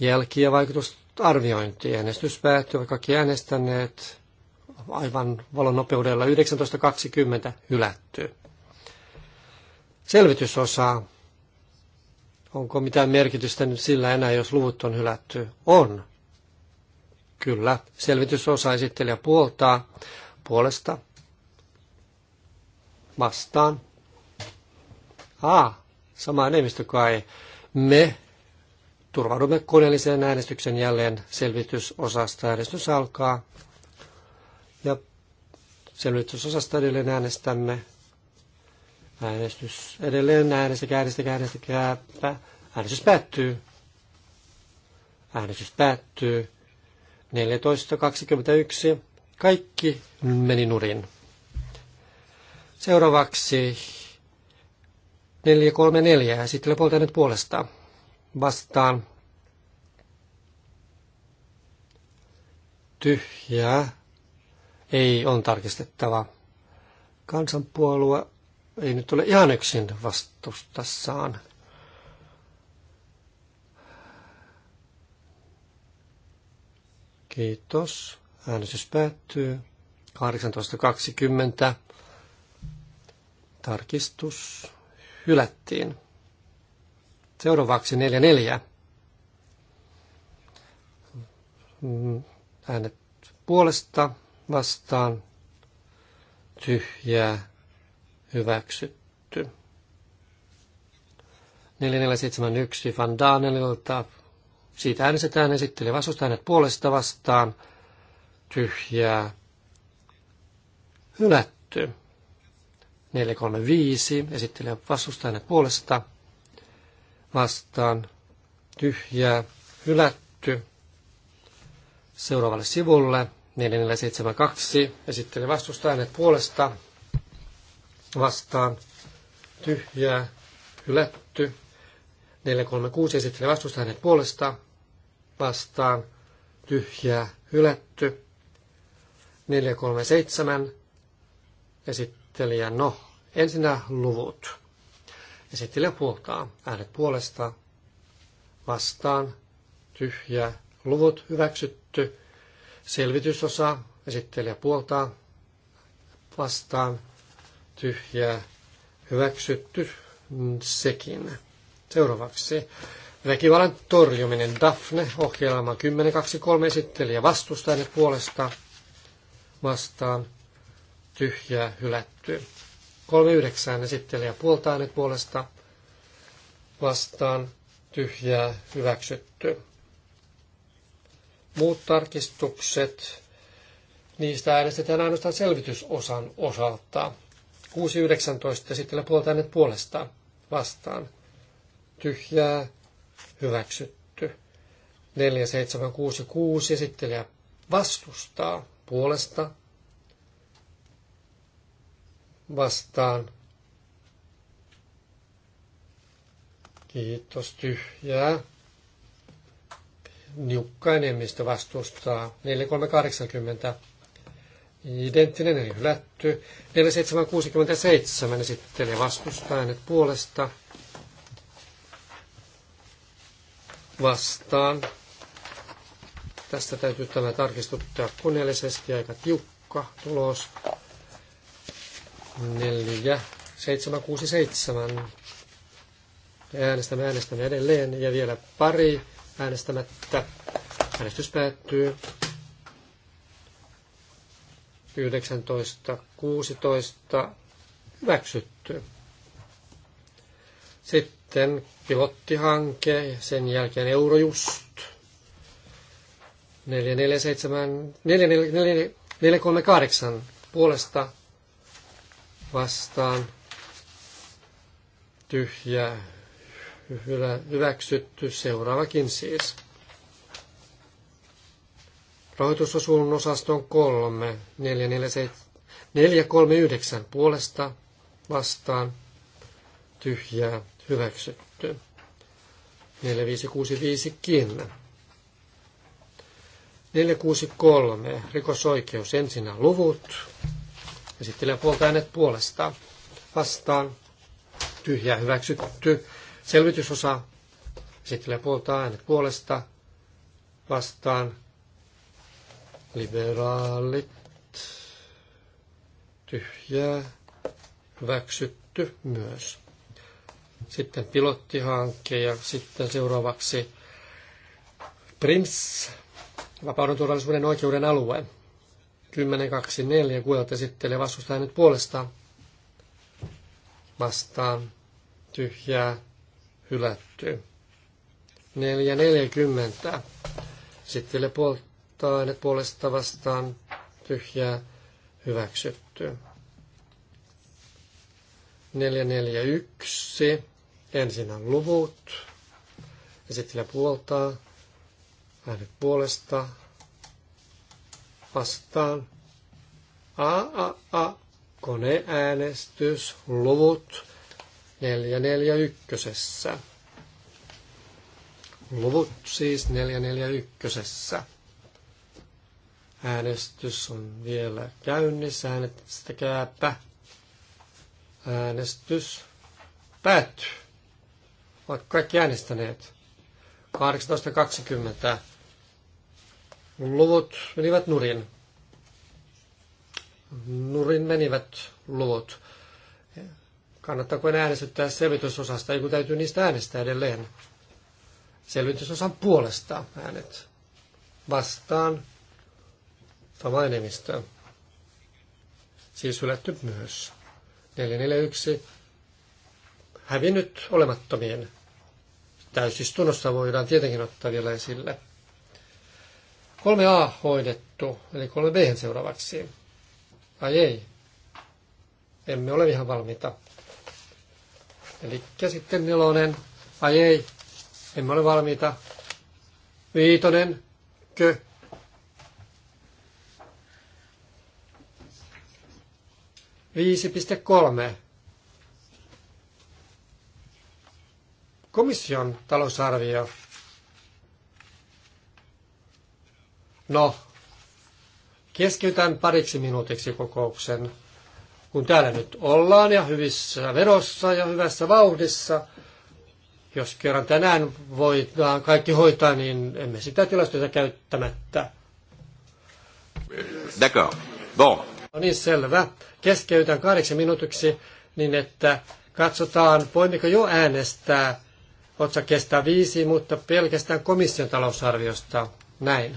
Jälki- ja vaikutusarviointi. Äänestys päättyy. Kaikki äänestäneet aivan valon nopeudella 19.20 hylätty. Selvitysosa Onko mitään merkitystä sillä enää, jos luvut on hylätty? On. Kyllä. Selvitysosa esittelijä puoltaa puolesta vastaan. Ah, sama enemmistö kai. Me turvaudumme koneelliseen äänestyksen jälleen selvitysosasta. Äänestys alkaa. Ja selvitysosasta edelleen äänestämme. Äänestys edelleen äänestäkää, äänestäkää, äänestäkää. Äänestys päättyy. Äänestys päättyy. 14.21. Kaikki meni nurin. Seuraavaksi 434. Esittelen puolta nyt puolesta. Vastaan. Tyhjää. Ei, on tarkistettava. Kansanpuolue ei nyt ole ihan yksin vastustassaan. Kiitos. Äänestys päättyy. 18.20. Tarkistus hylättiin. Seuraavaksi 44. Mm, äänet puolesta vastaan tyhjää hyväksytty. 4471 Van Danelilta. Siitä äänestetään esitteli vastustajat hänet puolesta vastaan. Tyhjää. Hylätty. 435 esitteli vastustaa hänet puolesta vastaan. Tyhjää. Hylätty. Seuraavalle sivulle. 4472 esitteli vastustajat hänet puolesta vastaan tyhjää hylätty. 436 esittelee vastusta hänen puolestaan vastaan tyhjää hylätty. 437 esittelijä no. Ensinnä luvut. Esittelijä puoltaa äänet puolesta vastaan tyhjää luvut hyväksytty. Selvitysosa esittelijä puoltaa vastaan tyhjää hyväksytty sekin. Seuraavaksi väkivallan torjuminen Daphne ohjelma 10.2.3 esittelijä vastustaa ne puolesta vastaan tyhjää hylätty. 3.9 esittelijä puoltaa äänet puolesta vastaan tyhjää hyväksytty. Muut tarkistukset, niistä äänestetään ainoastaan selvitysosan osalta. 6.19 esitellä puolta hänet puolesta vastaan. Tyhjää hyväksytty. 4766 esittelijä vastustaa puolesta vastaan. Kiitos tyhjää. Niukka enemmistö vastustaa 4380 identtinen eli hylätty. 4767 esittelee vastustaa äänet puolesta. Vastaan. Tästä täytyy tämä tarkistuttaa koneellisesti aika tiukka tulos. 4767. Äänestämme, äänestämme edelleen ja vielä pari äänestämättä. Äänestys päättyy. 19.16 hyväksytty. Sitten pilottihanke ja sen jälkeen Eurojust 447, 438 puolesta vastaan tyhjä hyväksytty. Seuraavakin siis Rahoitusosuun osaston 3, 439 puolesta vastaan tyhjää hyväksytty. 4565 5, kin. 463, rikosoikeus, ensinnä luvut. Esittelen puolta äänet puolesta. Vastaan, tyhjää hyväksytty. Selvitysosa, esittelee puolta äänet puolesta. Vastaan, Liberaalit. Tyhjää. Hyväksytty myös. Sitten pilottihanke ja sitten seuraavaksi Prince, vapauden turvallisuuden oikeuden alue. 10.24 kuudelta esittelee vastustaa nyt puolestaan vastaan tyhjää hylätty. 4.40 esittelee puolta muuttaa äänet puolesta vastaan tyhjää hyväksytty. 441. Ensin on luvut. ja Esittelijä puoltaa. Äänet puolesta. Vastaan. A, a, a. Koneäänestys. Luvut. 441. Luvut siis 441. Äänestys on vielä käynnissä. Äänestäkääpä. Äänestys päättyy. Ovat kaikki äänestäneet. 18.20. Luvut menivät nurin. Nurin menivät luvut. Kannattaako enää äänestyttää selvitysosasta, ei kun täytyy niistä äänestää edelleen. Selvitysosan puolesta äänet. Vastaan sama enemmistö. Siis hylätty myös. 441 hävinnyt olemattomien. Täysistunnossa voidaan tietenkin ottaa vielä esille. 3a hoidettu, eli 3b seuraavaksi. Ai ei. Emme ole ihan valmiita. Eli sitten nelonen. Ai ei. Emme ole valmiita. Viitonen. Kö. 5.3. Komission talousarvio. No, keskeytän pariksi minuutiksi kokouksen. Kun täällä nyt ollaan ja hyvissä verossa ja hyvässä vauhdissa, jos kerran tänään voidaan kaikki hoitaa, niin emme sitä tilastoja käyttämättä. D'accord. Bon, No niin, selvä. Keskeytän kahdeksi minuutiksi niin, että katsotaan, voimmeko jo äänestää kestää viisi, mutta pelkästään komission talousarviosta. Näin.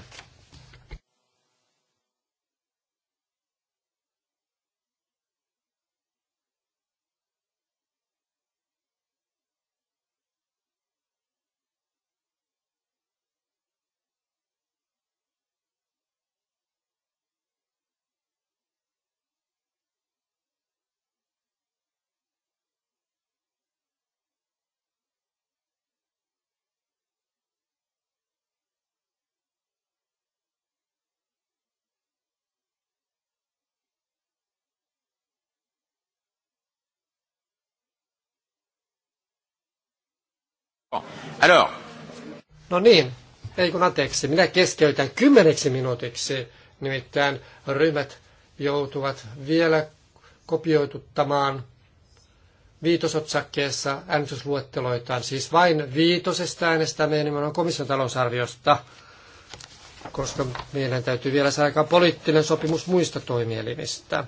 Alors. No niin, ei kun anteeksi, minä keskeytän kymmeneksi minuutiksi, nimittäin ryhmät joutuvat vielä kopioituttamaan viitosotsakkeessa äänestysluetteloitaan, siis vain viitosesta äänestämme nimenomaan komission talousarviosta, koska meidän täytyy vielä saada poliittinen sopimus muista toimielimistä.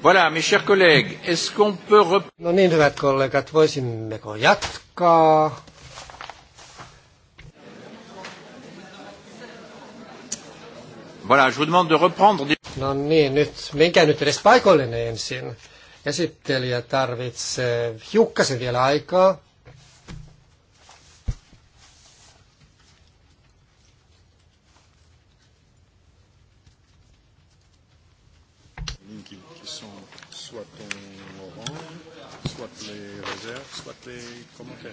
Voilà, mes chers collègues, est-ce qu'on peut rep... No niin, hyvät kollegat, voisimmeko jatkaa? Voilà, je vous demande de reprendre... No niin, nyt menkää nyt edes paikoillenne ensin. Esittelijä tarvitsee hiukkasen vielä aikaa. des commentaires.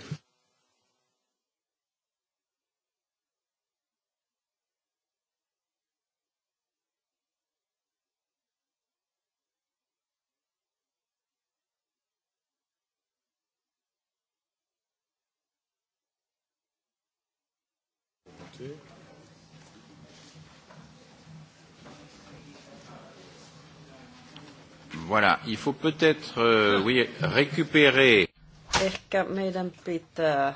Okay. Voilà, il faut peut-être euh, oui, récupérer Ehkä meidän pitää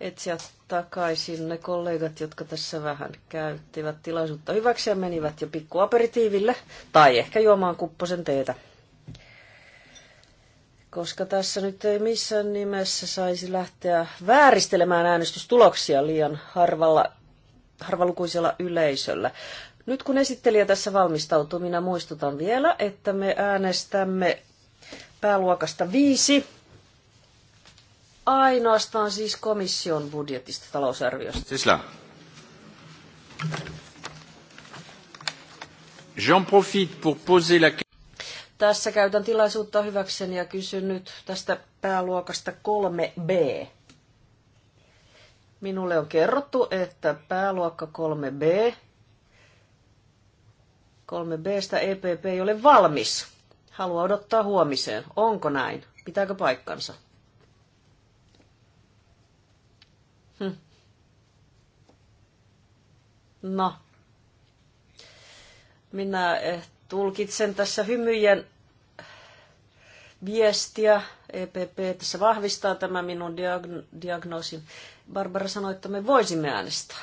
etsiä takaisin ne kollegat, jotka tässä vähän käyttivät tilaisuutta hyväksi ja menivät jo aperitiiville, tai ehkä juomaan kupposen teetä. Koska tässä nyt ei missään nimessä saisi lähteä vääristelemään äänestystuloksia liian harvalla, harvalukuisella yleisöllä. Nyt kun esittelijä tässä valmistautuu, minä muistutan vielä, että me äänestämme pääluokasta viisi ainoastaan siis komission budjetista talousarviosta. C'est cela. J'en profite pour poser la tässä käytän tilaisuutta hyväkseni ja kysyn nyt tästä pääluokasta 3b. Minulle on kerrottu, että pääluokka 3b, 3bstä EPP ei ole valmis. Haluaa odottaa huomiseen. Onko näin? Pitääkö paikkansa? Hm. No. Minä tulkitsen tässä hymyjen viestiä. EPP tässä vahvistaa tämä minun diagn- diagnoosin. Barbara sanoi, että me voisimme äänestää.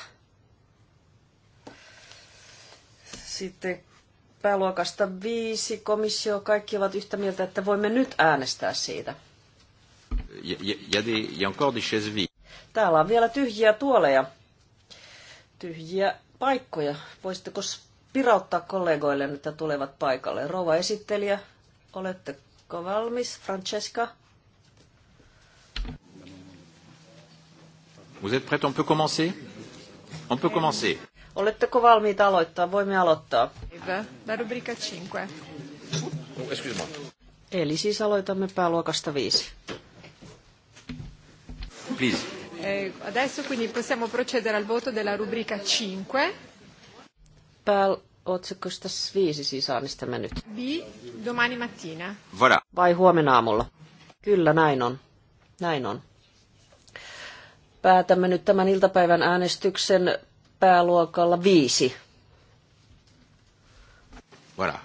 Sitten pääluokasta viisi komissio. Kaikki ovat yhtä mieltä, että voimme nyt äänestää siitä. Ja, ja, ja, des, ja encore des chaises Täällä on vielä tyhjiä tuoleja, tyhjiä paikkoja. Voisitteko pirauttaa kollegoille, että tulevat paikalle? Rouva esittelijä, oletteko valmis? Francesca? Vous êtes prête? On peut commencer? On peut commencer. Oletteko valmiita aloittaa? Voimme aloittaa. La rubrica 5. Oh, Eli siis aloitamme pääluokasta 5. Please. Eh, adesso quindi possiamo procedere al voto della rubrica 5. Pääl otsikosta 5 siis äänestämme nyt. B, domani mattina. Voilà. Vai huomenna aamulla. Kyllä, näin on. Näin on. Päätämme nyt tämän iltapäivän äänestyksen pääluokalla 5. Voilà.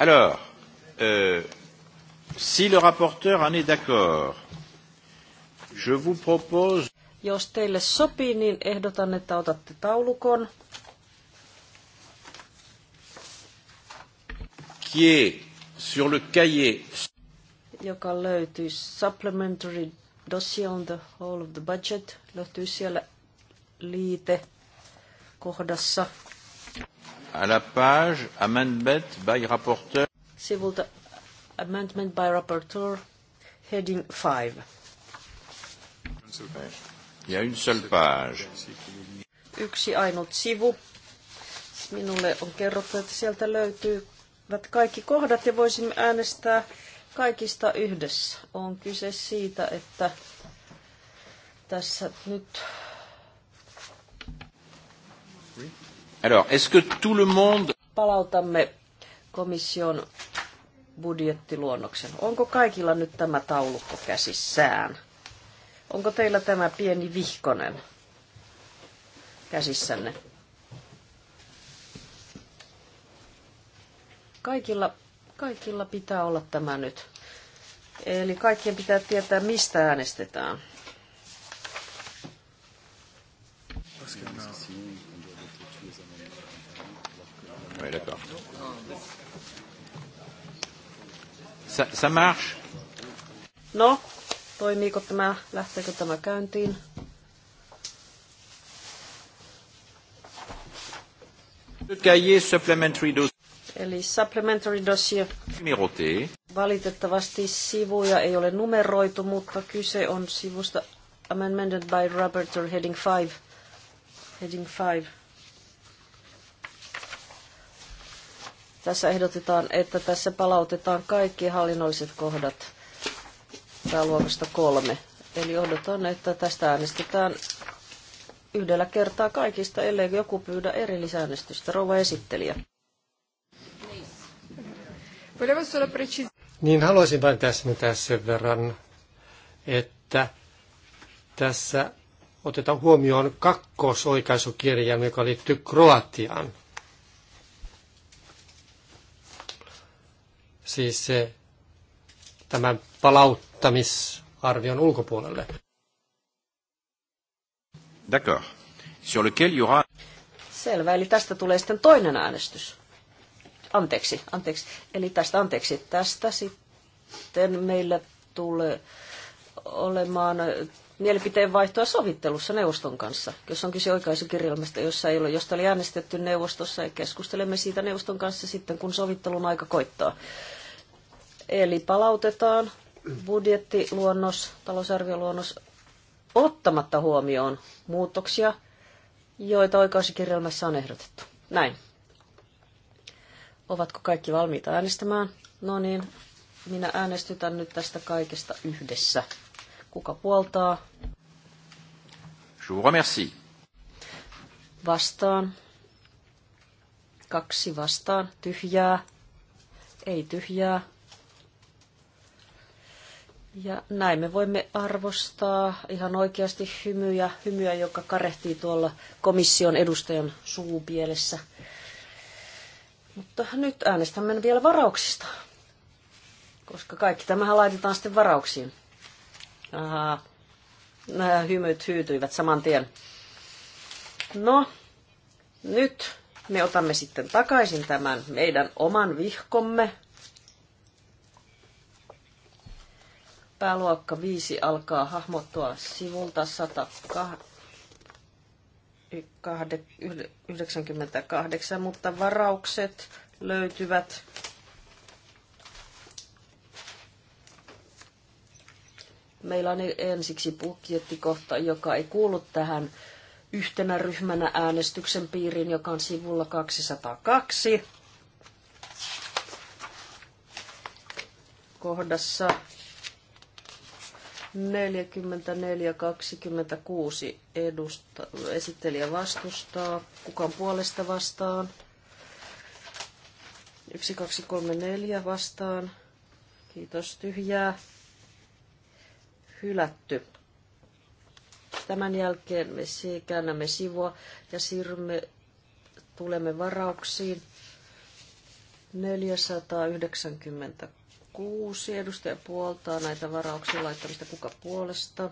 Alors, euh, si le rapporteur en est d'accord, je vous propose... Jos teille sopii, niin ehdotan, että otatte taulukon. Qui est sur le cahier joka löytyy Supplementary Dossier on the Whole of the Budget, löytyy siellä liite kohdassa à la page Amendment by Rapporteur. Sivulta Amendment by Rapporteur, heading 5. Ja une seule page. Yksi ainut sivu. Minulle on kerrottu, että sieltä löytyvät kaikki kohdat ja voisimme äänestää kaikista yhdessä. On kyse siitä, että tässä nyt Alors, est-ce que tout le monde... Palautamme komission budjettiluonnoksen. Onko kaikilla nyt tämä taulukko käsissään? Onko teillä tämä pieni vihkonen käsissänne? Kaikilla, kaikilla pitää olla tämä nyt. Eli kaikkien pitää tietää, mistä äänestetään. Oui, d'accord. Ça, ça marche? No, toimiiko tämä, lähteekö tämä käyntiin? Supplementary dossier. Eli supplementary dossier. Numeroté. Valitettavasti sivuja ei ole numeroitu, mutta kyse on sivusta Amended by Robert or Heading 5. Heading 5. Tässä ehdotetaan, että tässä palautetaan kaikki hallinnolliset kohdat pääluokasta kolme. Eli odotan, että tästä äänestetään yhdellä kertaa kaikista, ellei joku pyydä erillisäänestystä. Rouva esittelijä. Niin haluaisin vain täsmentää sen verran, että tässä otetaan huomioon kakkosoikaisukirja, joka liittyy Kroatiaan. siis se tämän palauttamisarvion ulkopuolelle. D'accord. Sur lequel y aura... Selvä, eli tästä tulee sitten toinen äänestys. Anteeksi, anteeksi. Eli tästä, anteeksi, tästä sitten meillä tulee olemaan mielipiteen vaihtoa sovittelussa neuvoston kanssa, jos on kyse oikaisukirjelmästä, jossa ei ole, josta oli äänestetty neuvostossa ja keskustelemme siitä neuvoston kanssa sitten, kun sovittelun aika koittaa. Eli palautetaan budjettiluonnos, talousarvioluonnos ottamatta huomioon muutoksia, joita oikaisikirjelmässä on ehdotettu. Näin. Ovatko kaikki valmiita äänestämään? No niin, minä äänestytän nyt tästä kaikesta yhdessä. Kuka puoltaa? Je vous remercie. Vastaan. Kaksi vastaan. Tyhjää. Ei tyhjää. Ja näin me voimme arvostaa ihan oikeasti hymyä, hymyä joka karehtii tuolla komission edustajan suupielessä. Mutta nyt äänestämme vielä varauksista, koska kaikki tämähän laitetaan sitten varauksiin. Aha. Nämä hymyt hyytyivät saman tien. No, nyt me otamme sitten takaisin tämän meidän oman vihkomme Pääluokka 5 alkaa hahmottua sivulta 198, mutta varaukset löytyvät Meillä on ensiksi budjettikohta, joka ei kuulu tähän yhtenä ryhmänä äänestyksen piiriin, joka on sivulla 202. Kohdassa 44-26 edusta, esittelijä vastustaa. Kukaan puolesta vastaan? 1, 2, 3, 4 vastaan. Kiitos tyhjää. Hylätty. Tämän jälkeen me käännämme sivua ja siirrymme, tulemme varauksiin 492 kuusi edustaja puoltaa näitä varauksia laittamista kuka puolesta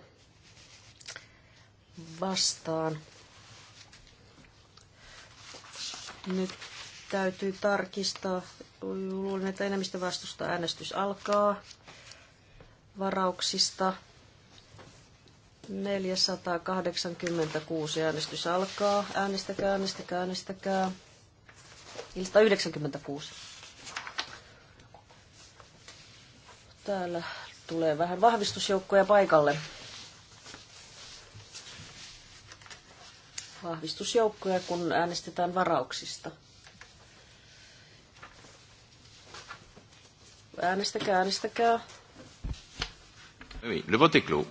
vastaan. Nyt täytyy tarkistaa. Luulen, että enemmistö vastusta äänestys alkaa varauksista. 486 äänestys alkaa. Äänestäkää, äänestäkää, äänestäkää. ilta 96. Täällä tulee vähän vahvistusjoukkoja paikalle. Vahvistusjoukkoja, kun äänestetään varauksista. Äänestäkää, äänestäkää. Oui, le vote est clos.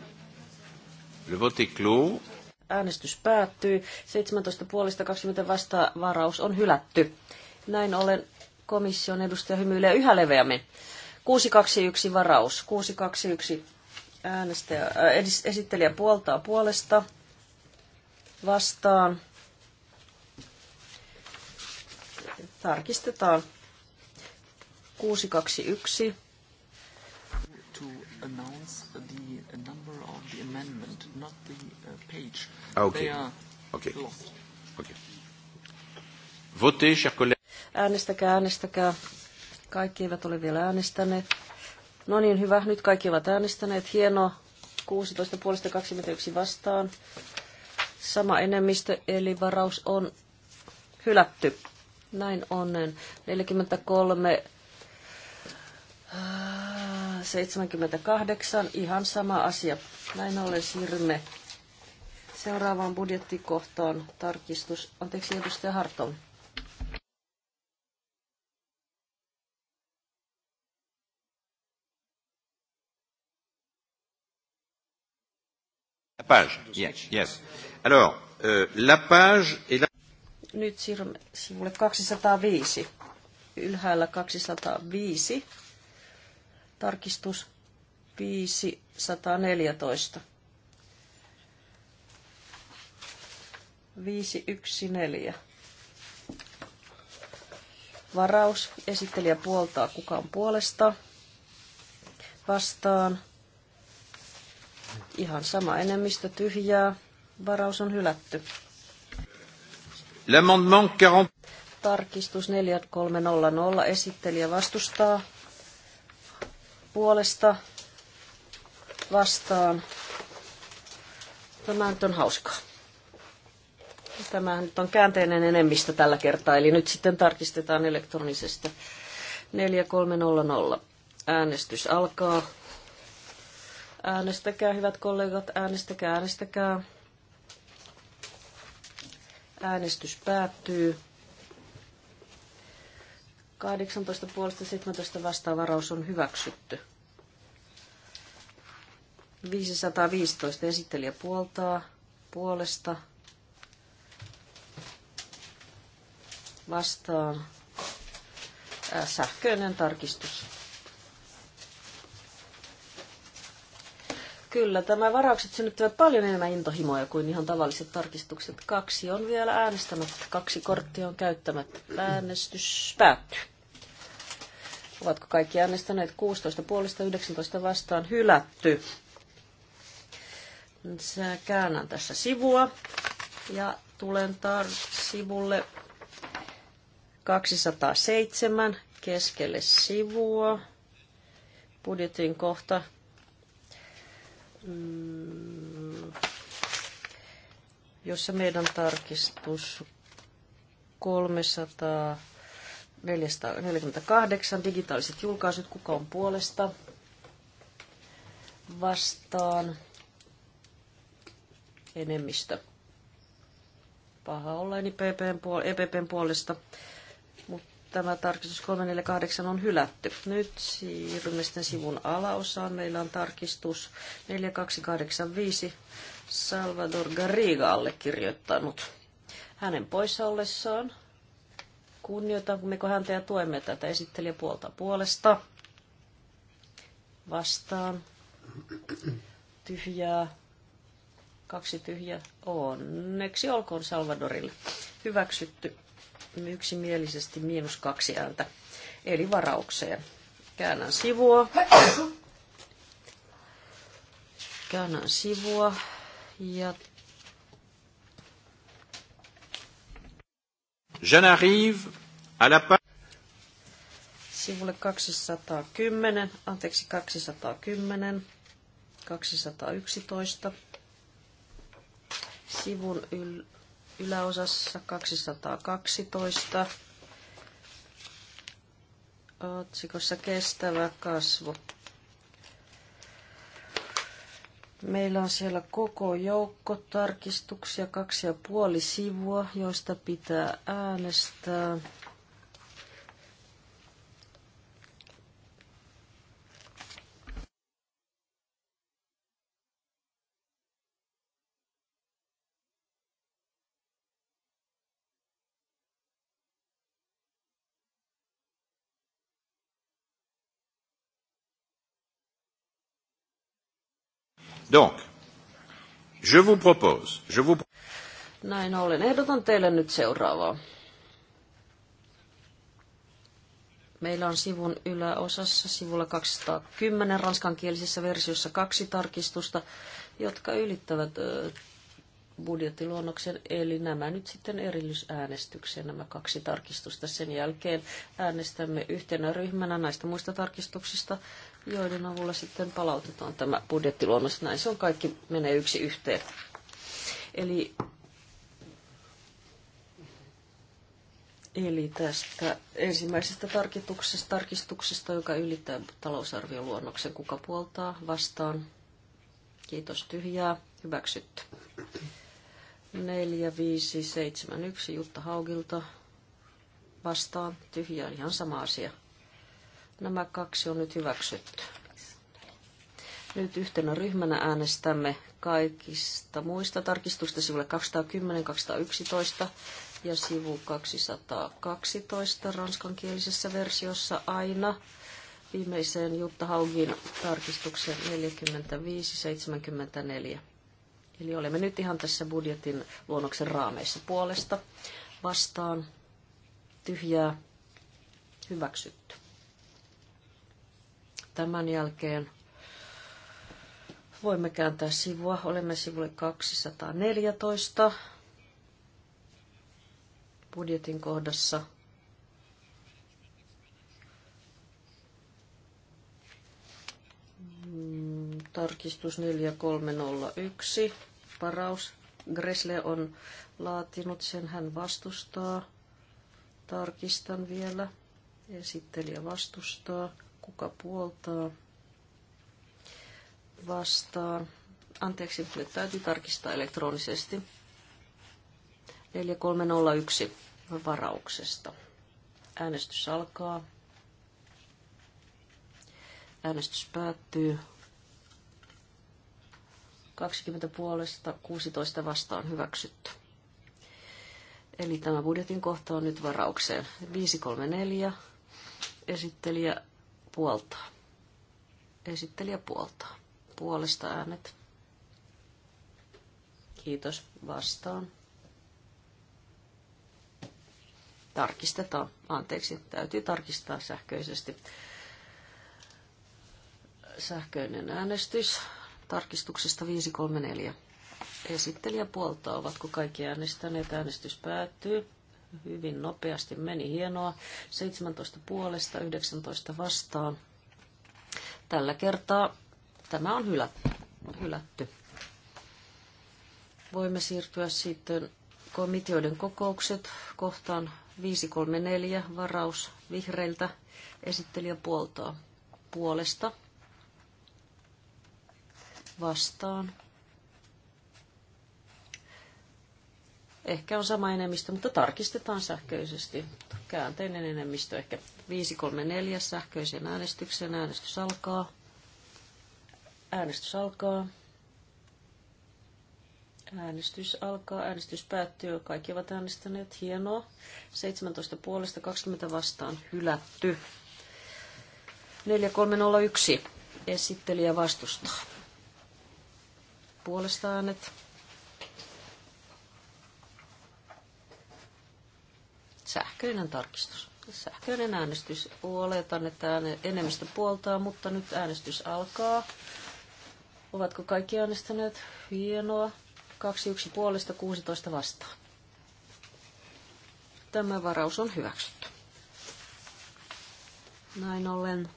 Le vote est clos. Äänestys päättyy. 17 puolesta 20 vasta varaus on hylätty. Näin ollen komission edustaja hymyilee yhä leveämmin. 621 varaus. 621 äänestäjä, ää, äh, esittelijä puoltaa puolesta vastaan. Tarkistetaan. 621. Uh, ah, äänestäkää, äänestäkää. Kaikki eivät ole vielä äänestäneet. No niin, hyvä. Nyt kaikki ovat äänestäneet. Hienoa. 16 puolesta 21 vastaan. Sama enemmistö, eli varaus on hylätty. Näin onnen. 43 78, äh, ihan sama asia. Näin ollen siirrymme seuraavaan budjettikohtaan. Tarkistus, anteeksi edustaja Harton. Page, yes. Alors, euh, la page la... Nyt siirrymme sivulle 205. Ylhäällä 205. Tarkistus 514. 514. Varaus. Esittelijä puoltaa kukaan puolesta. Vastaan Ihan sama enemmistö tyhjää. Varaus on hylätty. L'amendement 40. Tarkistus 4300. Esittelijä vastustaa. Puolesta vastaan. Tämä nyt on hauskaa. Tämä nyt on käänteinen enemmistö tällä kertaa, eli nyt sitten tarkistetaan elektronisesta 4300. Äänestys alkaa. Äänestäkää, hyvät kollegat, äänestäkää, äänestäkää. Äänestys päättyy. 18 puolesta 17 vastaavaraus on hyväksytty. 515 esittelijä puoltaa puolesta vastaan. Äh, sähköinen tarkistus. Kyllä, tämä varaukset synnyttävät paljon enemmän intohimoja kuin ihan tavalliset tarkistukset. Kaksi on vielä äänestämättä, kaksi korttia on käyttämättä. Äänestys päättyy. Ovatko kaikki äänestäneet 16 puolesta 19 vastaan hylätty? Sä käännän tässä sivua ja tulen tar- sivulle 207 keskelle sivua. Budjetin kohta Mm, jossa meidän tarkistus 348 digitaaliset julkaisut, kuka on puolesta vastaan enemmistö. Paha olla, niin EPPn puolesta tämä tarkistus 348 on hylätty. Nyt siirrymme sitten sivun alaosaan. Meillä on tarkistus 4285 Salvador Garriga allekirjoittanut. Hänen poissa ollessaan kunnioitammeko häntä ja tuemme tätä puolta puolesta. Vastaan. Tyhjää. Kaksi tyhjää. Onneksi olkoon Salvadorille. Hyväksytty yksimielisesti miinus kaksi ääntä, eli varaukseen. Käännän sivua. Käännän sivua ja Je n'arrive à la page sivulle 210, anteeksi 210, 211, sivun yl- yläosassa 212 otsikossa kestävä kasvu. Meillä on siellä koko joukko tarkistuksia, kaksi ja puoli sivua, joista pitää äänestää. Donc, je vous propose, je vous... Näin ollen ehdotan teille nyt seuraavaa. Meillä on sivun yläosassa sivulla 210 ranskankielisessä versiossa kaksi tarkistusta, jotka ylittävät budjettiluonnoksen, eli nämä nyt sitten erillisäänestykseen, nämä kaksi tarkistusta. Sen jälkeen äänestämme yhtenä ryhmänä näistä muista tarkistuksista joiden avulla sitten palautetaan tämä budjettiluonnos. Näin se on kaikki menee yksi yhteen. Eli, eli tästä ensimmäisestä tarkistuksesta, tarkistuksesta, joka ylittää talousarvioluonnoksen, kuka puoltaa vastaan. Kiitos tyhjää. Hyväksytty. 4, 5, 7, 1 Jutta Haugilta vastaan. Tyhjää ihan sama asia. Nämä kaksi on nyt hyväksytty. Nyt yhtenä ryhmänä äänestämme kaikista muista tarkistusta sivulle 210, 211 ja sivu 212 ranskankielisessä versiossa aina viimeiseen Jutta Haugin tarkistukseen 45-74. Eli olemme nyt ihan tässä budjetin luonnoksen raameissa puolesta vastaan tyhjää hyväksytty. Tämän jälkeen voimme kääntää sivua. Olemme sivulle 214 budjetin kohdassa. Mm, tarkistus 4301. Paraus. Gresle on laatinut sen, hän vastustaa. Tarkistan vielä. Esittelijä vastustaa kuka puoltaa vastaan. Anteeksi, nyt täytyy tarkistaa elektronisesti. 4301 varauksesta. Äänestys alkaa. Äänestys päättyy. 20 puolesta, 16 vastaan hyväksytty. Eli tämä budjetin kohta on nyt varaukseen. 534 esittelijä puoltaa. Esittelijä puoltaa. Puolesta äänet. Kiitos. Vastaan. Tarkistetaan. Anteeksi, täytyy tarkistaa sähköisesti. Sähköinen äänestys tarkistuksesta 534. Esittelijä puoltaa. Ovatko kaikki äänestäneet? Äänestys päättyy hyvin nopeasti meni. Hienoa. 17 puolesta, 19 vastaan. Tällä kertaa tämä on hylätty. Voimme siirtyä sitten komitioiden kokoukset kohtaan 534 varaus vihreiltä esittelijä puolesta vastaan Ehkä on sama enemmistö, mutta tarkistetaan sähköisesti. Käänteinen enemmistö ehkä 534 sähköisen äänestyksen. Äänestys alkaa. Äänestys alkaa. Äänestys alkaa, äänestys päättyy, kaikki ovat äänestäneet, hienoa. 17 puolesta 20 vastaan hylätty. 4301, esittelijä vastustaa. Puolesta äänet, Sähköinen tarkistus. Sähköinen äänestys. Oletan, että enemmistö puoltaa, mutta nyt äänestys alkaa. Ovatko kaikki äänestäneet? Hienoa. 21 puolesta 16 vastaan. Tämä varaus on hyväksytty. Näin ollen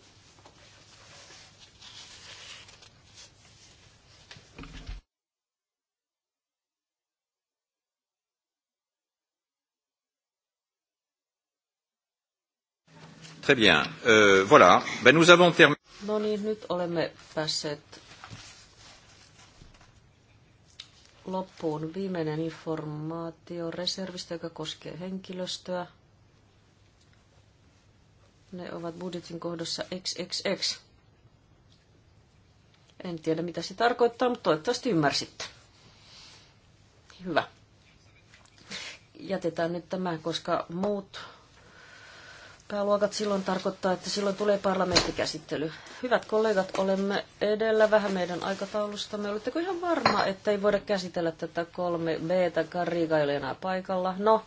Très bien. Euh, voilà. Ben, nous avons terminé. No niin, nyt olemme päässeet loppuun viimeinen informaatio reservistä, joka koskee henkilöstöä. Ne ovat budjetin kohdassa XXX. En tiedä, mitä se tarkoittaa, mutta toivottavasti ymmärsitte. Hyvä. Jätetään nyt tämä, koska muut pääluokat silloin tarkoittaa, että silloin tulee parlamenttikäsittely. Hyvät kollegat, olemme edellä vähän meidän aikataulustamme. Oletteko ihan varma, että ei voida käsitellä tätä 3B, Kariga ei ole enää paikalla? No,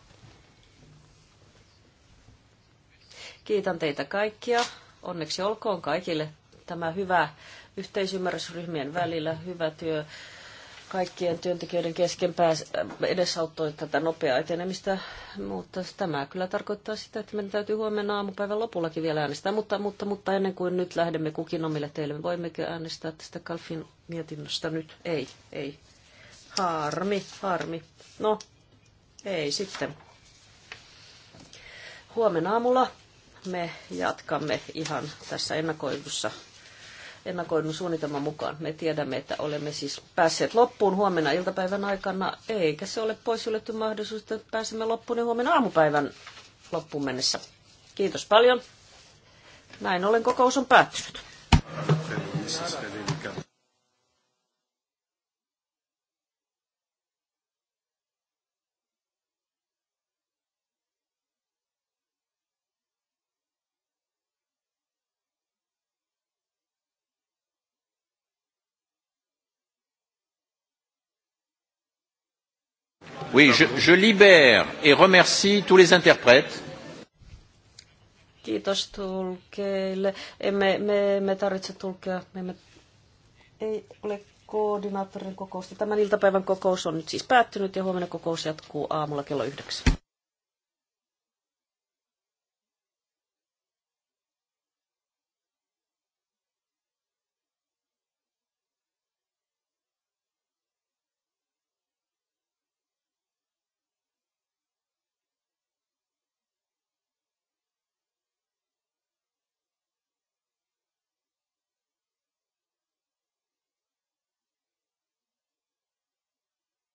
kiitän teitä kaikkia. Onneksi olkoon kaikille tämä hyvä yhteisymmärrysryhmien välillä, hyvä työ kaikkien työntekijöiden kesken pääs, äh, edesauttoi tätä nopeaa etenemistä, mutta tämä kyllä tarkoittaa sitä, että meidän täytyy huomenna aamupäivän lopullakin vielä äänestää, mutta, mutta, mutta ennen kuin nyt lähdemme kukin omille teille, me voimmeko äänestää tästä Kalfin mietinnöstä nyt? Ei, ei. Harmi, harmi. No, ei sitten. Huomenna aamulla me jatkamme ihan tässä ennakoidussa ennakoidun suunnitelman mukaan. Me tiedämme, että olemme siis päässeet loppuun huomenna iltapäivän aikana, eikä se ole pois mahdollisuus, että pääsemme loppuun niin huomenna aamupäivän loppuun mennessä. Kiitos paljon. Näin ollen kokous on päättynyt. Oui, je, je libère et remercie tous les interprètes. Kiitos tulkeille. Emme, me, emme tarvitse tulkea. Me emme, ei ole koordinaattorin kokousta. Tämän iltapäivän kokous on nyt siis päättynyt ja huomenna kokous jatkuu aamulla kello yhdeksän.